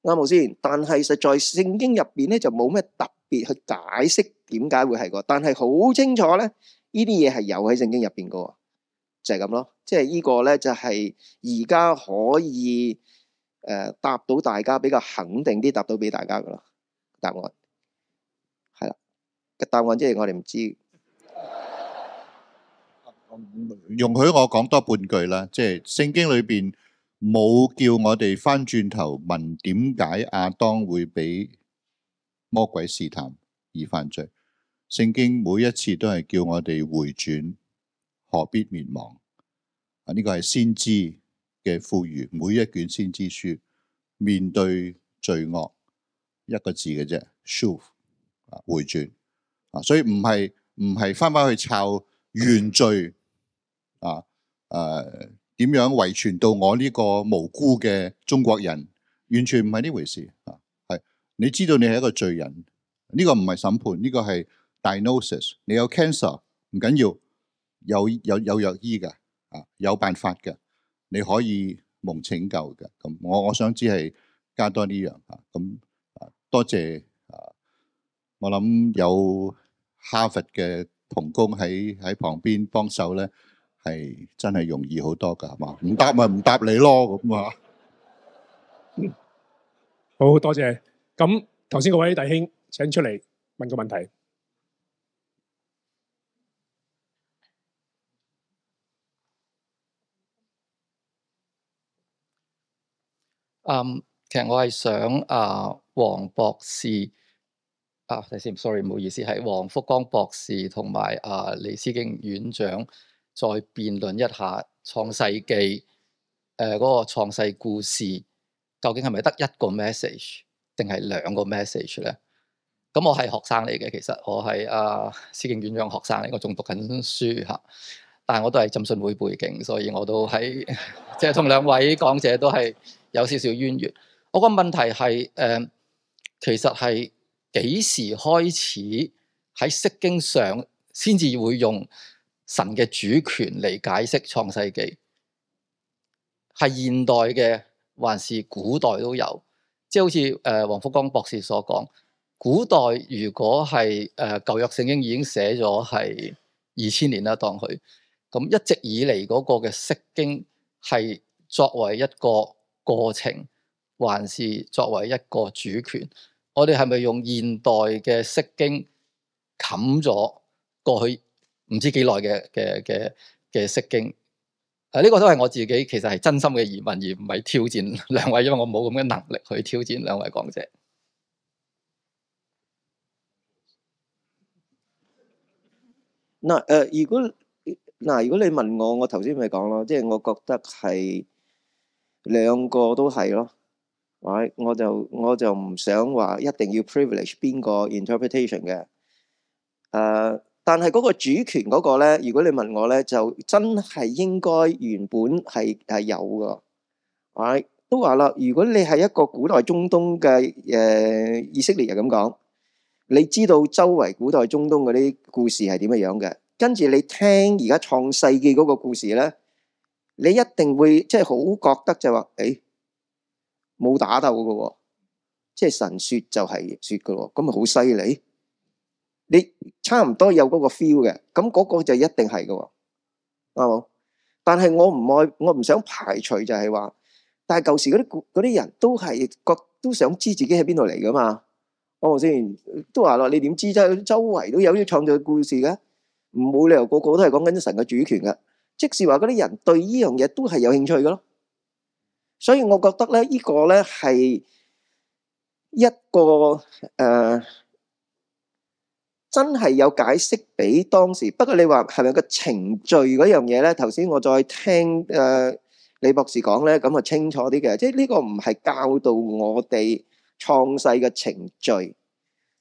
啱冇先？但係實在聖經入邊咧，就冇咩特別去解釋點解會係、這個，但係好清楚咧。呢啲嘢係有喺聖經入邊個，就係咁咯。即係呢個咧，就係而家可以誒、呃、答到大家比較肯定啲，答到俾大家噶咯。答案係啦，個答案即係我哋唔知。容許我講多半句啦，即係聖經裏邊冇叫我哋翻轉頭問點解阿當會俾魔鬼試探而犯罪。聖經每一次都係叫我哋回轉，何必滅亡？啊，呢、這個係先知嘅呼籲每一卷先知書面對罪惡，一個字嘅啫，shove 啊，回轉啊，所以唔係唔係返返去抄原罪啊？誒、啊，點樣遺傳到我呢個無辜嘅中國人？完全唔係呢回事啊，係你知道你係一個罪人，呢、這個唔係審判，呢、這個係。Diagnosis，你有 cancer 唔緊要，有有有藥醫噶，啊有辦法嘅，你可以蒙拯救嘅。咁我我想知係加多呢樣啊。咁啊多謝啊，我諗有哈佛嘅同工喺喺旁邊幫手咧，係真係容易好多噶，係嘛？唔答咪唔答你咯，咁啊。好多謝。咁頭先嗰位弟兄，請出嚟問個問題。嗯、um，啊啊啊呃那個，其實我係想啊，黃博士啊，首先 sorry 唔好意思，係黃福光博士同埋啊李思敬院長再辯論一下創世記，誒嗰個創世故事究竟係咪得一個 message 定係兩個 message 咧？咁我係學生嚟嘅，其實我係啊思敬院長學生嚟，我仲讀緊書嚇，但係我都係浸信會背景，所以我都喺即係同兩位講者都係。有少少淵源。我個問題係誒、嗯，其實係幾時開始喺釋經上先至會用神嘅主權嚟解釋創世記？係現代嘅，還是古代都有？即係好似誒黃福光博士所講，古代如果係誒舊約聖經已經寫咗係二千年啦，當佢咁一直以嚟嗰個嘅釋經係作為一個。過程還是作為一個主權，我哋係咪用現代嘅釋經冚咗過去唔知幾耐嘅嘅嘅嘅釋經？誒、啊、呢、這個都係我自己其實係真心嘅疑問，而唔係挑戰兩位，因為我冇咁嘅能力去挑戰兩位講者。嗱誒、呃呃，如果嗱、呃，如果你問我，我頭先咪講咯，即、就、係、是、我覺得係。兩個都係咯，我就我就我就唔想話一定要 privilege 邊個 interpretation 嘅。誒、呃，但係嗰個主權嗰個咧，如果你問我咧，就真係應該原本係係有㗎。誒，都話啦，如果你係一個古代中東嘅誒、呃、以色列人咁講，你知道周圍古代中東嗰啲故事係點嘅樣嘅，跟住你聽而家創世記嗰個故事咧，你一定會即係好覺得就話，誒、哎，冇打鬥嘅，哦，即係神說就係說喎，哦。」咁啊好犀利。你差唔多有嗰個 feel 嘅，咁嗰個就一定係㗎喎。冇。但係我唔愛，我唔想排除就係話，但係舊時嗰啲嗰啲人都係覺都想知自己喺邊度嚟噶嘛。我、哦、先都話啦，你點知即係周圍都有啲創造嘅故事嘅，唔好理由個個都係講緊神嘅主權嘅。即是話嗰啲人對呢樣嘢都係有興趣嘅咯，所以我覺得咧呢個咧係一個誒真係有解釋俾當時。不過你話係咪個程序嗰樣嘢咧？頭先我再聽誒李博士講咧，咁就清楚啲嘅。即係呢個唔係教導我哋創世嘅程序，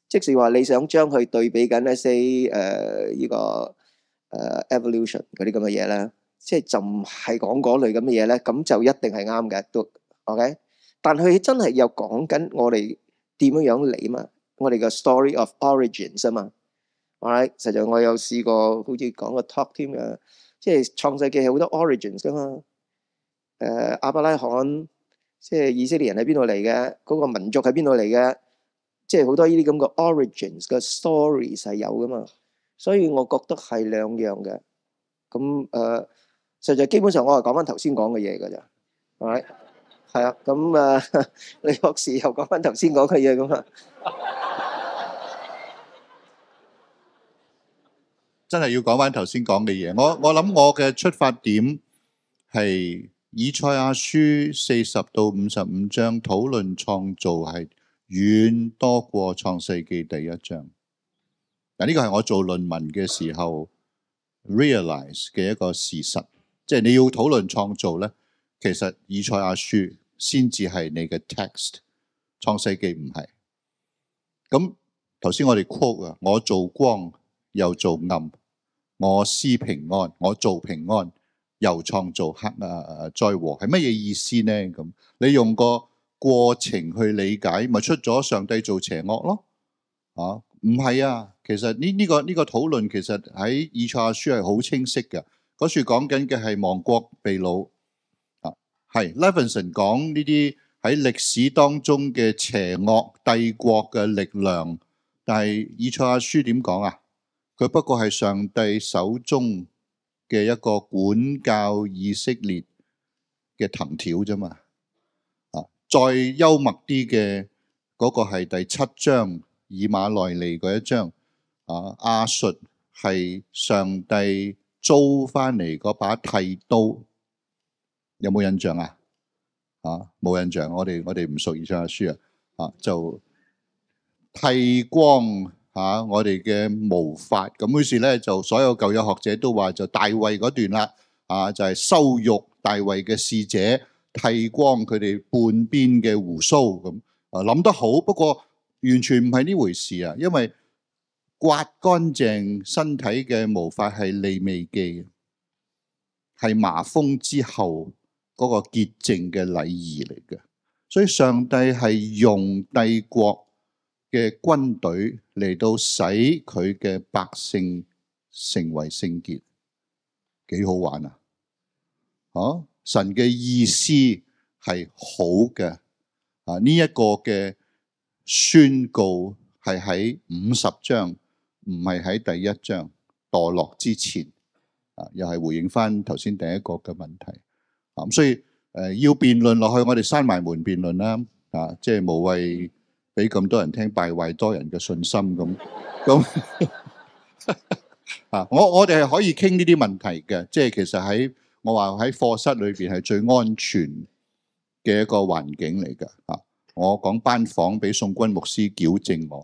即是話你想將佢對比緊一些誒呢個。誒、uh，evolution 嗰啲咁嘅嘢咧，即係就唔係講嗰類咁嘅嘢咧，咁就一定係啱嘅，都 OK。但佢真係有講緊我哋點樣樣嚟嘛？我哋個 story of origins 啊嘛，right？alright, 實在我有試過好似講個 talk 添啊，即係創世記係好多 origins 噶嘛。誒、呃，亞伯拉罕即係、就是、以色列人喺邊度嚟嘅？嗰、那個民族喺邊度嚟嘅？即係好多呢啲咁嘅 origins 個 stories 係有噶嘛？所以，我覺得係兩樣嘅。咁誒，實際基本上我係講翻頭先講嘅嘢㗎咋，係咪？係啊，咁啊，李博士又講翻頭先講嘅嘢咁啊。真係要講翻頭先講嘅嘢。我我諗我嘅出發點係，以賽亞書四十到五十五章討論創造係遠多過創世記第一章。嗱，呢個係我做論文嘅時候 realize 嘅一個事實，即係你要討論創造咧，其實以賽亞書先至係你嘅 text，創世記唔係。咁頭先我哋 quote 啊，我做光又做暗，我施平安，我做平安又創造黑啊災禍，係乜嘢意思咧？咁你用個過程去理解，咪出咗上帝做邪惡咯？啊唔係啊，其實呢呢、呢個呢、呢個討論，其實喺以賽亞書係好清晰嘅。嗰書講緊嘅係亡國被擄，係 Levinson 講呢啲喺歷史當中嘅邪惡帝國嘅力量，但係以賽亞書點講啊？佢不過係上帝手中嘅一個管教以色列嘅藤條啫嘛。啊，再幽默啲嘅嗰個係第七章。以馬內利嗰一張啊，亞述係上帝租翻嚟嗰把剃刀，有冇印象啊？啊，冇印象，我哋我哋唔熟《以賽亞書》啊，啊就剃光啊我哋嘅毛髮，咁於是咧就所有舊約學者都話就大衛嗰段啦，啊就係、是、羞辱大衛嘅使者，剃光佢哋半邊嘅鬍鬚咁，啊諗、啊、得好，不過。完全唔係呢回事啊！因為刮乾淨身體嘅毛髮係《利未記》，係麻風之後嗰個潔淨嘅禮儀嚟嘅。所以上帝係用帝國嘅軍隊嚟到使佢嘅百姓成為聖潔，幾好玩啊！啊，神嘅意思係好嘅啊，呢一個嘅。宣告係喺五十章，唔係喺第一章墮落之前，啊，又係回應翻頭先第一個嘅問題。咁所以誒，要辯論落去，我哋閂埋門辯論啦，啊，即係無謂俾咁多人聽，敗壞多人嘅信心咁。咁啊，我我哋係可以傾呢啲問題嘅，即係其實喺我話喺課室裏邊係最安全嘅一個環境嚟㗎，啊。我講班房俾宋君牧師矯正我，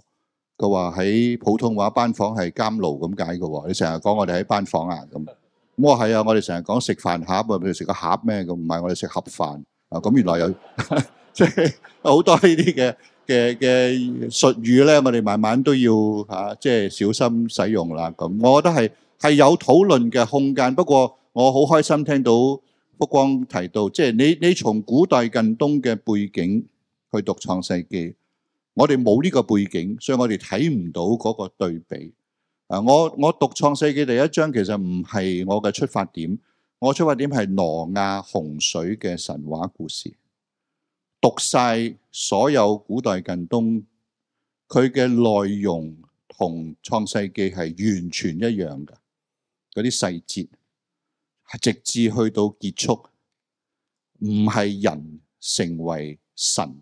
佢話喺普通話班房係監牢咁解嘅喎。你成日講我哋喺班房啊，咁咁我係啊，我哋成日講食飯盒啊，你食個盒咩咁？唔係我哋食盒飯啊，咁原來有即係好多呢啲嘅嘅嘅術語咧。我哋慢慢都要嚇即係小心使用啦。咁我覺得係係有討論嘅空間。不過我好開心聽到，福光提到即係你你從古代近東嘅背景，去讀創世記，我哋冇呢個背景，所以我哋睇唔到嗰個對比。啊，我我讀創世記第一章，其實唔係我嘅出發點，我出發點係挪亞洪水嘅神話故事。讀晒所有古代近東，佢嘅內容同創世記係完全一樣嘅，嗰啲細節，直至去到結束，唔係人成為神。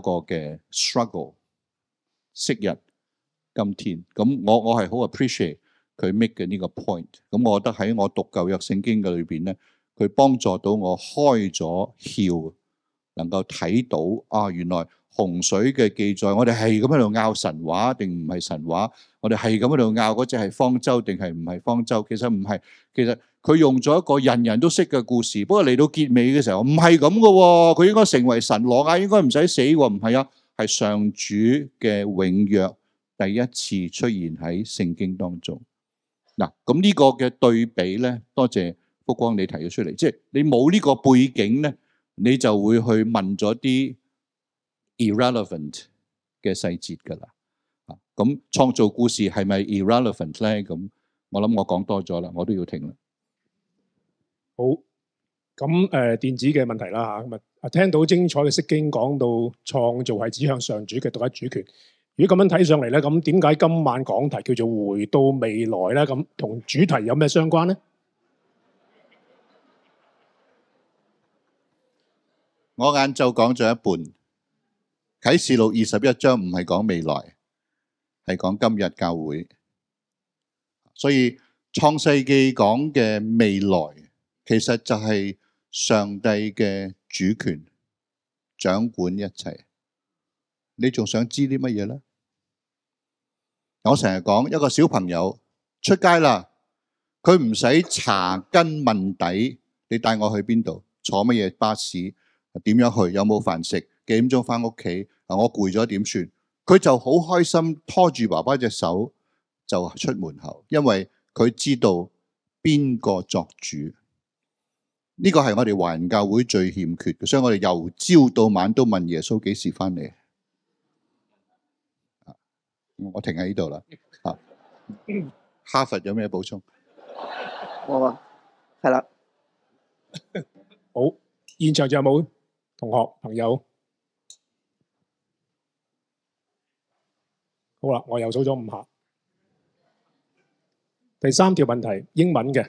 嗰個嘅 struggle，昔日今天，咁我我係好 appreciate 佢 make 嘅呢個 point。咁我覺得喺我讀舊約聖經嘅裏邊咧，佢幫助到我開咗竅，能夠睇到啊，原來洪水嘅記載，我哋係咁喺度拗神話定唔係神話？我哋係咁喺度拗嗰隻係方舟定係唔係方舟？其實唔係，其實。佢用咗一個人人都識嘅故事，不過嚟到結尾嘅時候唔係咁嘅喎，佢應該成為神羅亞應該唔使死喎，唔係啊，係上主嘅永約第一次出現喺聖經當中。嗱，咁呢個嘅對比咧，多謝福光你提咗出嚟，即係你冇呢個背景咧，你就會去問咗啲 irrelevant 嘅細節㗎啦。啊，咁創造故事係咪 irrelevant 咧？咁我諗我講多咗啦，我都要聽啦。好咁，誒、呃，電子嘅問題啦吓。咁啊，聽到精彩嘅釋經，講到創造係指向上主嘅獨一主權。如果咁樣睇上嚟咧，咁點解今晚講題叫做回到未來咧？咁同主題有咩相關呢？我晏晝講咗一半，《啟示錄》二十一章唔係講未來，係講今日教會。所以創世記講嘅未來。其實就係上帝嘅主權掌管一切。你仲想知啲乜嘢呢？我成日講一個小朋友出街啦，佢唔使查根問底，你帶我去邊度，坐乜嘢巴士，點樣去，有冇飯食，幾點鐘返屋企。我攰咗點算？佢就好開心拖住爸爸隻手就出門口，因為佢知道邊個作主。呢個係我哋華人教會最欠缺嘅，所以我哋由朝到晚都問耶穌幾時翻嚟。我停喺呢度啦，哈！哈佛有咩補充？我係啦，好，現場仲有冇同學朋友？好啦，我又數咗五下。第三條問題，英文嘅。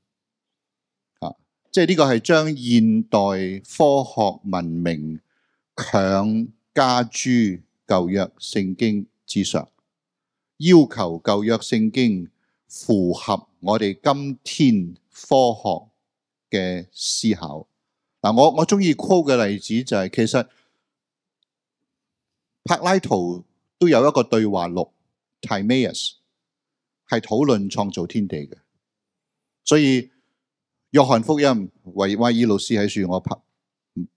即係呢個係將現代科學文明強加於舊約聖經之上，要求舊約聖經符合我哋今天科學嘅思考。嗱、啊，我我中意 quote 嘅例子就係、是、其實柏拉圖都有一個對話錄，Timaeus 係討論創造天地嘅，所以。約翰福音，維瓦爾老師喺書我拋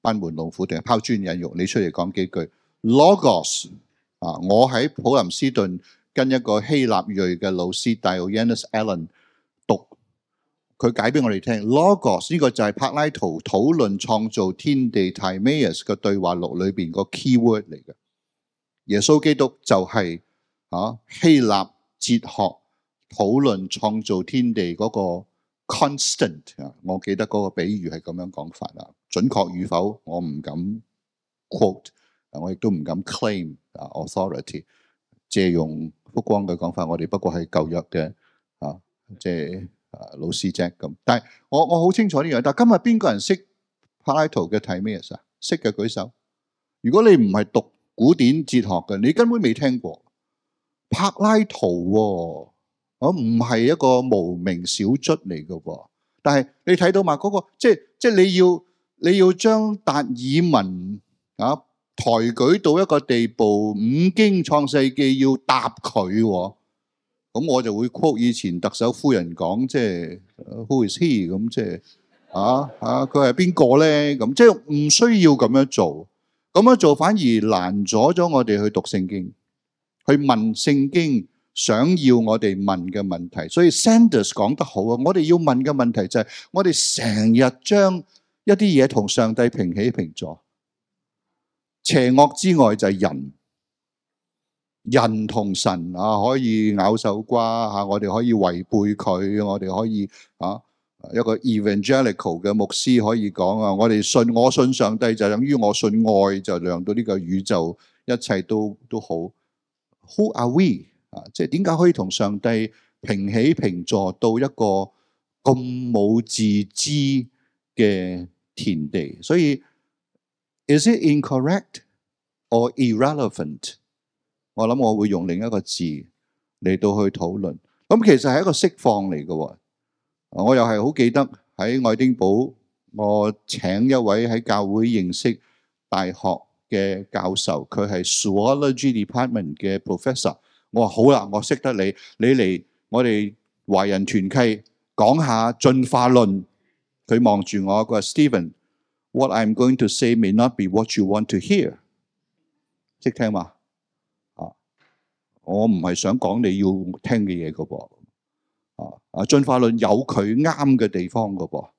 班門弄斧定係拋磚引玉？你出嚟講幾句。Logos 啊，我喺普林斯頓跟一個希臘裔嘅老師 Diogenes Allen 讀，佢解俾我哋聽，Logos 呢、這個就係柏拉圖討論創造天地 Timaeus 嘅對話錄裏邊個 key word 嚟嘅。耶穌基督就係啊希臘哲學討論創造天地嗰、那個。Constant 啊，我記得嗰個比喻係咁樣講法啦，準確與否我唔敢 quote，我亦都唔敢 claim 啊 authority。借用福光嘅講法，我哋不過係舊約嘅啊，即係啊老師啫咁。但係我我好清楚呢樣，但係今日邊個人識柏拉圖嘅睇咩嘢啊？識嘅舉手。如果你唔係讀古典哲學嘅，你根本未聽過柏拉圖喎。我唔係一個無名小卒嚟噶，但係你睇到嘛？嗰個即係即係你要你要將達爾文啊抬舉到一個地步，五經創世記要答佢，咁我就會 quote 以前特首夫人講，即係 Who is he？咁即係啊啊，佢係邊個咧？咁即係唔需要咁樣做，咁樣做反而難阻咗我哋去讀聖經，去問聖經。想要我哋問嘅問題，所以 Sanders 講得好啊！我哋要問嘅問題就係、是，我哋成日將一啲嘢同上帝平起平坐，邪惡之外就係人，人同神啊可以咬手瓜吓、啊，我哋可以違背佢，我哋可以、啊、一個 evangelical 嘅牧師可以講啊，我哋信我信上帝就等於我信愛，就量到呢個宇宙一切都都好。Who are we？啊！即係點解可以同上帝平起平坐到一個咁冇自知嘅田地？所以，is it incorrect or irrelevant？我諗我會用另一個字嚟到去討論。咁其實係一個釋放嚟嘅喎。我又係好記得喺愛丁堡，我請一位喺教會認識大學嘅教授，佢係 sociology department 嘅 professor。我話好啦，我識得你，你嚟我哋華人團契講下進化論。佢望住我，佢話 Stephen, what I'm going to say may not be what you want to hear。識聽嘛？啊，我唔係想講你要聽嘅嘢噶噃。啊啊，進化論有佢啱嘅地方噶噃。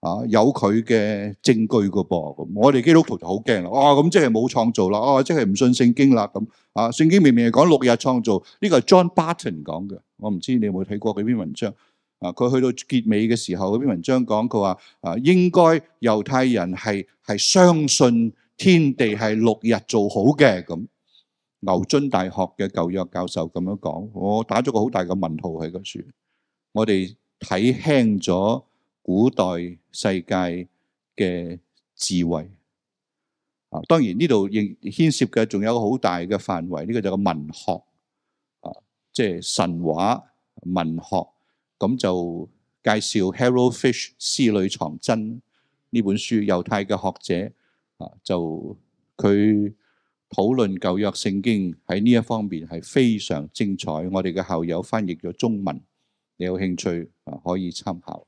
啊，有佢嘅證據噶噃，我哋基督徒就好驚啦！哇，咁即係冇創造啦，啊，即係唔信聖經啦咁。啊，聖經明明係講六日創造，呢個係 John Barton 講嘅，我唔知你有冇睇過佢篇文章？啊，佢去到結尾嘅時候，嗰篇文章講佢話啊，應該猶太人係係相信天地係六日做好嘅。咁牛津大學嘅舊約教授咁樣講，我打咗個好大嘅問號喺個書，我哋睇輕咗。古代世界嘅智慧啊，當然呢度亦牽涉嘅仲有好大嘅範圍。呢、這個就係文學啊，即係神話文學咁就介紹《Harold Fish 詩裏藏真》呢本書。猶太嘅學者啊，就佢討論舊約聖經喺呢一方面係非常精彩。我哋嘅校友翻譯咗中文，你有興趣啊可以參考。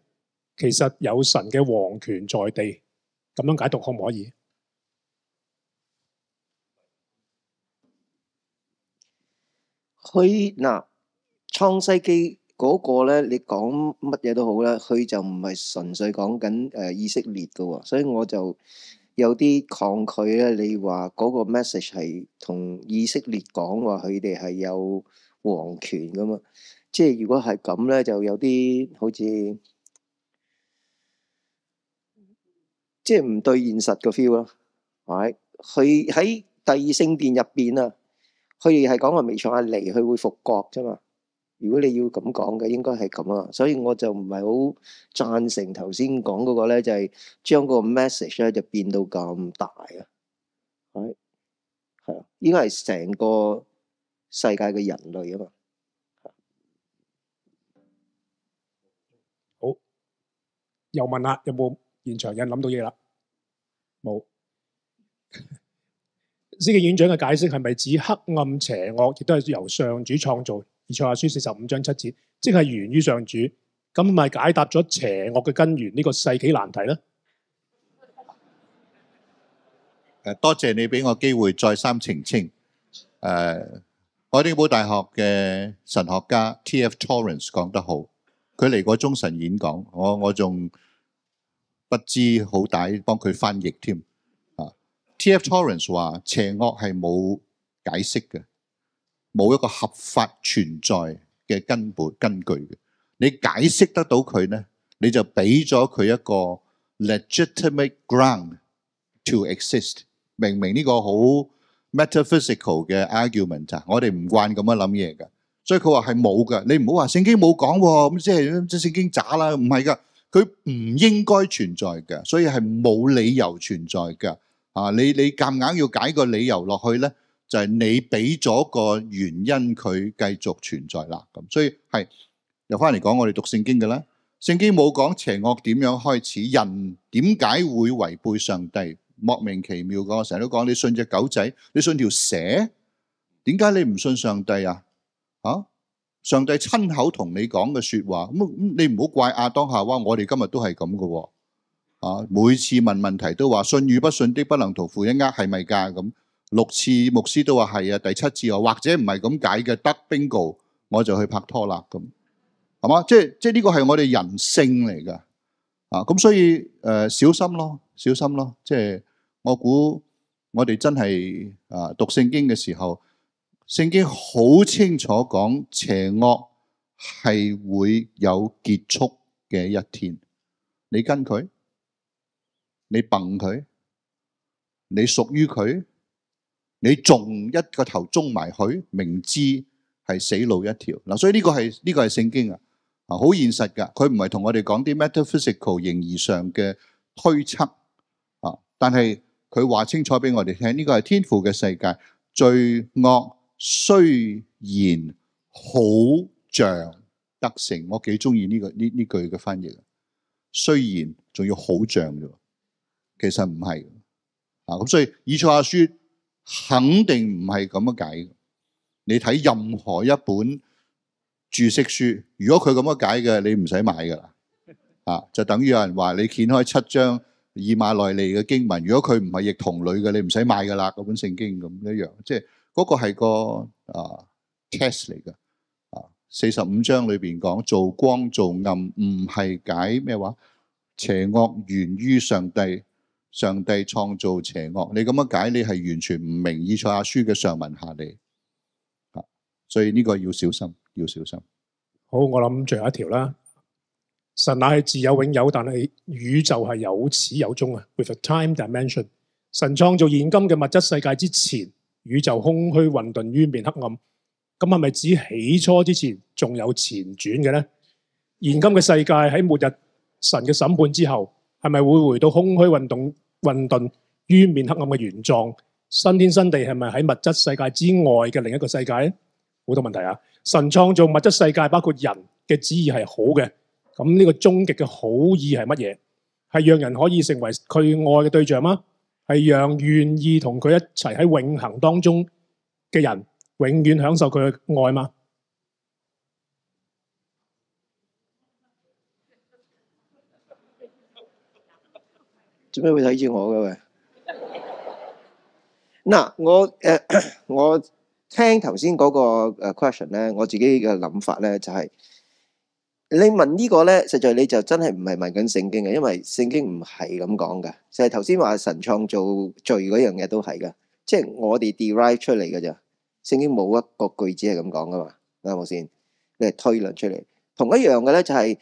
其實有神嘅王權在地，咁樣解讀可唔可以？佢嗱，創世記嗰個咧，你講乜嘢都好啦，佢就唔係純粹講緊誒以色列噶，所以我就有啲抗拒咧。你話嗰個 message 係同以色列講話，佢哋係有皇權噶嘛？即係如果係咁咧，就有啲好似。即係唔對現實嘅 feel 咯，係佢喺第二聖殿入邊啊，佢哋係講話彌賽亞嚟，佢會復國啫嘛。如果你要咁講嘅，應該係咁啊。所以我就唔係好贊成頭先講嗰個咧，就係將個 message 咧就變到咁大啊，係係啊，應該係成個世界嘅人類啊嘛。好，又問下有冇現場人諗到嘢啦？冇司長院長嘅解釋係咪指黑暗邪惡亦都係由上主創造？以賽亞書四十五章七節，即係源於上主，咁咪解答咗邪惡嘅根源呢個世紀難題咧？誒，多謝你俾我機會再三澄清。誒、呃，愛丁堡大學嘅神學家 T. F. Torrance 講得好，佢嚟過中神演講，我我仲。不知好歹幫佢翻譯添啊！T.F. Torrance 話邪惡係冇解釋嘅，冇一個合法存在嘅根本根據嘅。你解釋得到佢咧，你就俾咗佢一個 legitimate ground to exist。明明呢個好 metaphysical 嘅 argument 啊，我哋唔慣咁樣諗嘢嘅，所以佢話係冇嘅。你唔好話聖經冇講，咁即係即係聖經渣啦，唔係噶。佢唔應該存在嘅，所以係冇理由存在嘅。啊，你你夾硬要解個理由落去咧，就係你俾咗個原因佢繼續存在啦。咁所以係又翻嚟講，我哋讀聖經嘅咧，聖經冇講邪惡點樣開始，人點解會違背上帝？莫名其妙嘅，我成日都講你信隻狗仔，你信條蛇，點解你唔信上帝呀？嚇！上帝親口同你講嘅說的話，咁你唔好怪亞當夏娃，我哋今日都係咁嘅，啊，每次問問題都話信與不信的不能同負一軛，係咪？噶咁六次牧師都話係啊，第七次又或者唔係咁解嘅，得，Bingo 我就去拍拖啦，咁係嘛？即係即係呢個係我哋人性嚟嘅，啊，咁所以誒、呃、小心咯，小心咯、即、就、係、是、我估我哋真係啊、呃、讀聖經嘅時候。聖經好清楚講，邪惡係會有結束嘅一天，你跟佢，你掟佢，你屬於佢，你中一個頭中埋佢，明知係死路一條，所以呢個係呢，這個係聖經啊，好現實㗎。佢唔係同我哋講啲 metaphysical 形而上嘅推測啊，但係佢話清楚俾我哋聽，呢，這個係天父嘅世界，最惡。雖然好像得成，我幾中意呢個呢呢句嘅翻譯。雖然仲要好像啫，其實唔係啊。咁所以以賽亞書肯定唔係咁樣解嘅。你睇任何一本注釋書，如果佢咁樣解嘅，你唔使買噶啦。啊，就等於有人話你掀開七章以馬內利嘅經文，如果佢唔係亦同類嘅，你唔使買噶啦。嗰本聖經咁一樣，即係。嗰個係個啊 test 嚟噶啊，四十五章裏邊講做光做暗，唔係解咩話邪惡源於上帝，上帝創造邪惡。你咁樣解，你係完全唔明以賽亞書嘅上文下理啊。所以呢個要小心，要小心。好，我諗最後一條啦。神乃係自有永有，但係宇宙係有始有終啊。With a time dimension，神創造現今嘅物質世界之前。宇宙空虛混沌淵面黑暗，咁係咪指起初之前仲有前轉嘅呢？現今嘅世界喺末日神嘅審判之後，係咪會回到空虛運動混沌淵面黑暗嘅原狀？新天新地係咪喺物質世界之外嘅另一個世界？好多問題啊！神創造物質世界包括人嘅旨意係好嘅，咁呢個終極嘅好意係乜嘢？係讓人可以成為佢愛嘅對象嗎？係讓願意同佢一齊喺永恆當中嘅人永遠享受佢嘅愛嘛？做咩會睇住我嘅喂？嗱，我誒，我聽頭先嗰個誒 question 咧，我自己嘅諗法咧就係。你問呢、呢個咧，實在你就真係唔係問緊聖經嘅，因為聖經唔係咁講㗎，就係頭先話神創造罪嗰樣嘢都係㗎，即係我哋 derive 出嚟㗎。咋聖經冇一個句子係咁講噶嘛，啱冇先？你係推論出嚟。同一樣嘅咧、就係，就係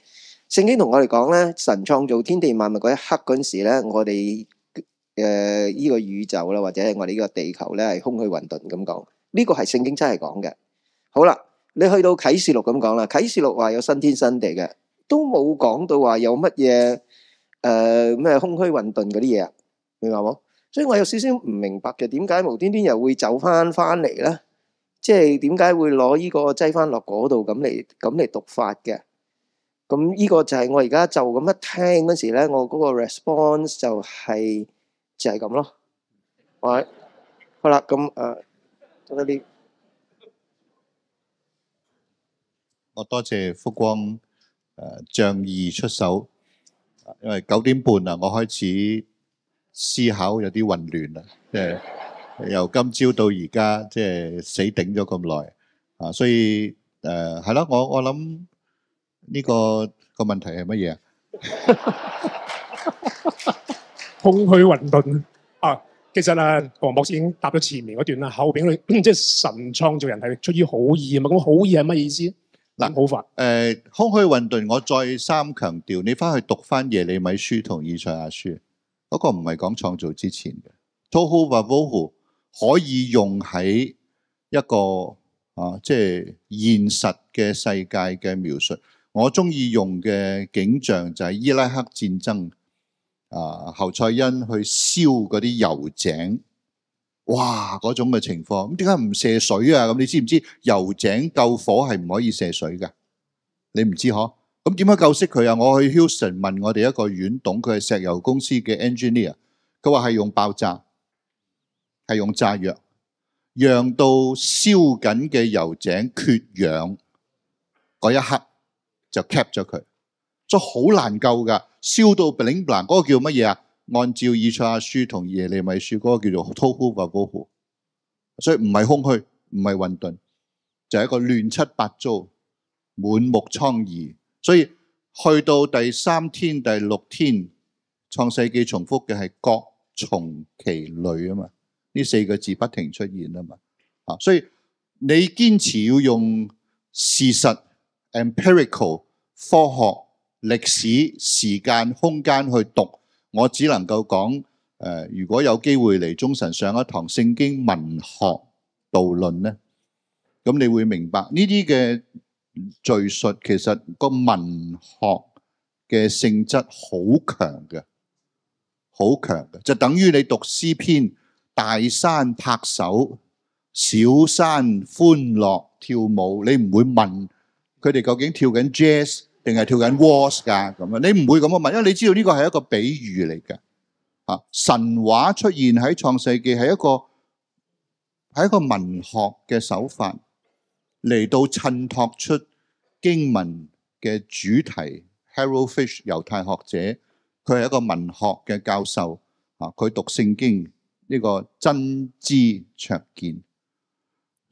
聖經同我哋講咧，神創造天地萬物嗰一刻嗰陣時咧，我哋呢依個宇宙啦，或者係我哋呢個地球咧，係空虛混沌咁講。呢、呢個係聖經真係講嘅。好啦。你去到啟示錄咁講啦，啟示錄話有新天新地嘅，都冇講到話有乜嘢誒咩空虛混沌嗰啲嘢。明白冇？所以我有少少唔明白嘅，點解無端端又會走翻翻嚟咧？即係點解會攞呢個擠翻落嗰度咁嚟咁嚟讀法嘅？咁呢個就係我而家就咁一聽嗰時咧，我嗰個 response 就係、是、就係、是、咁咯。喂、嗯，好啦，咁、嗯、誒，多啲。我多謝福光誒仗義出手，因為九點半啦，我開始思考有啲混亂啦，即係由今朝到而家，即係死頂咗咁耐啊，所以誒係啦，我我諗呢個個問題係乜嘢啊？空虛混沌啊，其實啊，黃博士已經答咗前面嗰段啦。後邊即係神創造人係出於好意啊嘛，咁好意係乜意思？嗱，誒、呃、空虛混沌，我再三強調，你翻去讀翻耶利米書同以賽亞書，嗰、嗰個唔係講創造之前嘅。Tohu va Bohu 可以用喺一個啊，即係現實嘅世界嘅描述。我中意用嘅景象就係伊拉克戰爭啊，侯賽因去燒嗰啲油井。哇，嗰種嘅情況，咁點解唔射水啊？咁你知唔知油井救火係唔可以射水㗎？你唔知嗬？咁點解救熄佢啊？我去 Hilton 問我哋一個院董，佢係石油公司嘅 engineer，佢話係用爆炸，係用炸藥，讓到燒緊嘅油井缺氧嗰一刻就 cap 咗佢，都好難救噶。燒到 bling blang，嗰個叫乜嘢啊？按照以賽亞書同耶利米書，個叫做 tohu va vohu。所以唔係空虛，唔係混沌，就係、是、一個亂七八糟、滿目瘡痍。所以去到第三天、第六天，創世記重複嘅係各從其類啊嘛，呢四個字不停出現啊嘛。啊，所以你堅持要用事實 empirical、科學、歷史、時間、空間去讀。我只能夠講，誒，如果有機會嚟中神上一堂聖經文學導論咧，咁你會明白呢啲嘅敘述其實個文學嘅性質好強嘅，好強嘅，就等於你讀詩篇，大山拍手，小山歡樂跳舞，你唔會問佢哋究竟跳緊 jazz。定係跳緊 wash 噶咁樣！你唔會咁樣問，因為你知道呢個係一個比喻嚟嘅。吓，神話出現喺創世記係一個係一個文學嘅手法嚟，到襯托出經文嘅主題。Harold Fish 猶太學者，佢係一個文學嘅教授。吓，佢讀聖經呢、這個真知灼見，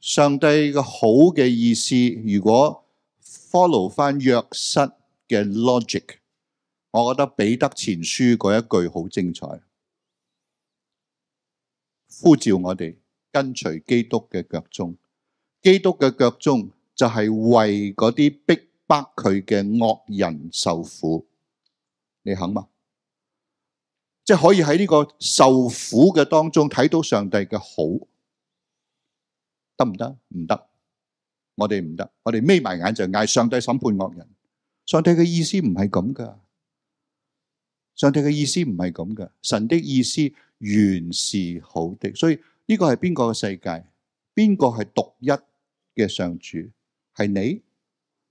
上帝嘅好嘅意思，如果。follow 返約瑟嘅 logic，我覺得彼得前書嗰一句好精彩，呼召我哋跟隨基督嘅腳蹤。基督嘅腳蹤就係為嗰啲逼迫佢嘅惡人受苦，你肯嗎？即係可以喺呢個受苦嘅當中睇到上帝嘅好，得唔得？唔得。我哋唔得，我哋眯埋眼就嗌上帝審判惡人。上帝嘅意思唔係咁噶，上帝嘅意思唔係咁噶。神的意思原是好的，所以呢個係邊個嘅世界？邊個係獨一嘅上主？係你？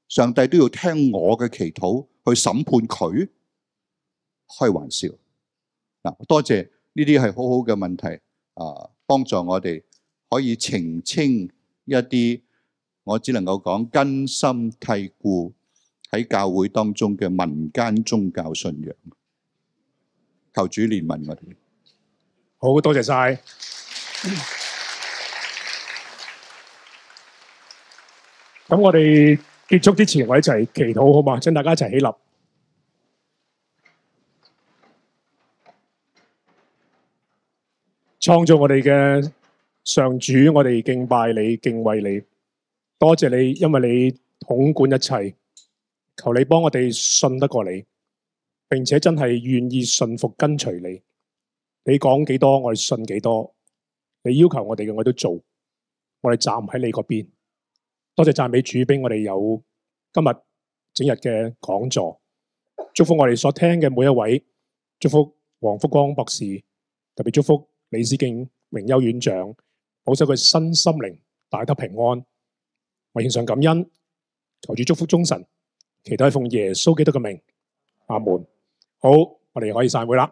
上帝都要聽我嘅祈禱去審判佢？開玩笑。嗱，多謝呢啲係好好嘅問題，啊，幫助我哋可以澄清一啲。我只能夠講根深蒂固喺教會當中嘅民間宗教信仰，求主憐憫我哋。好多謝晒。咁我哋結束之前，我一齊祈禱，好嘛？請大家一齊起立。創造我哋嘅上主，我哋敬拜你，敬畏你。多謝你，因為你統管一切，求你幫我哋信得過你，並且真係願意信服跟隨你。你講幾多，我哋信幾多。你要求我哋嘅，我都做。我哋站喺你嗰邊。多謝讚美主，俾我哋有今日整日嘅講座。祝福我哋所聽嘅每一位。祝福黃福光博士，特別祝福李思敬榮休院長，保守佢身心靈，大得平安。獻上感恩，求主祝福中神，期待奉耶穌基督嘅名，阿門。好，我哋可以散會啦。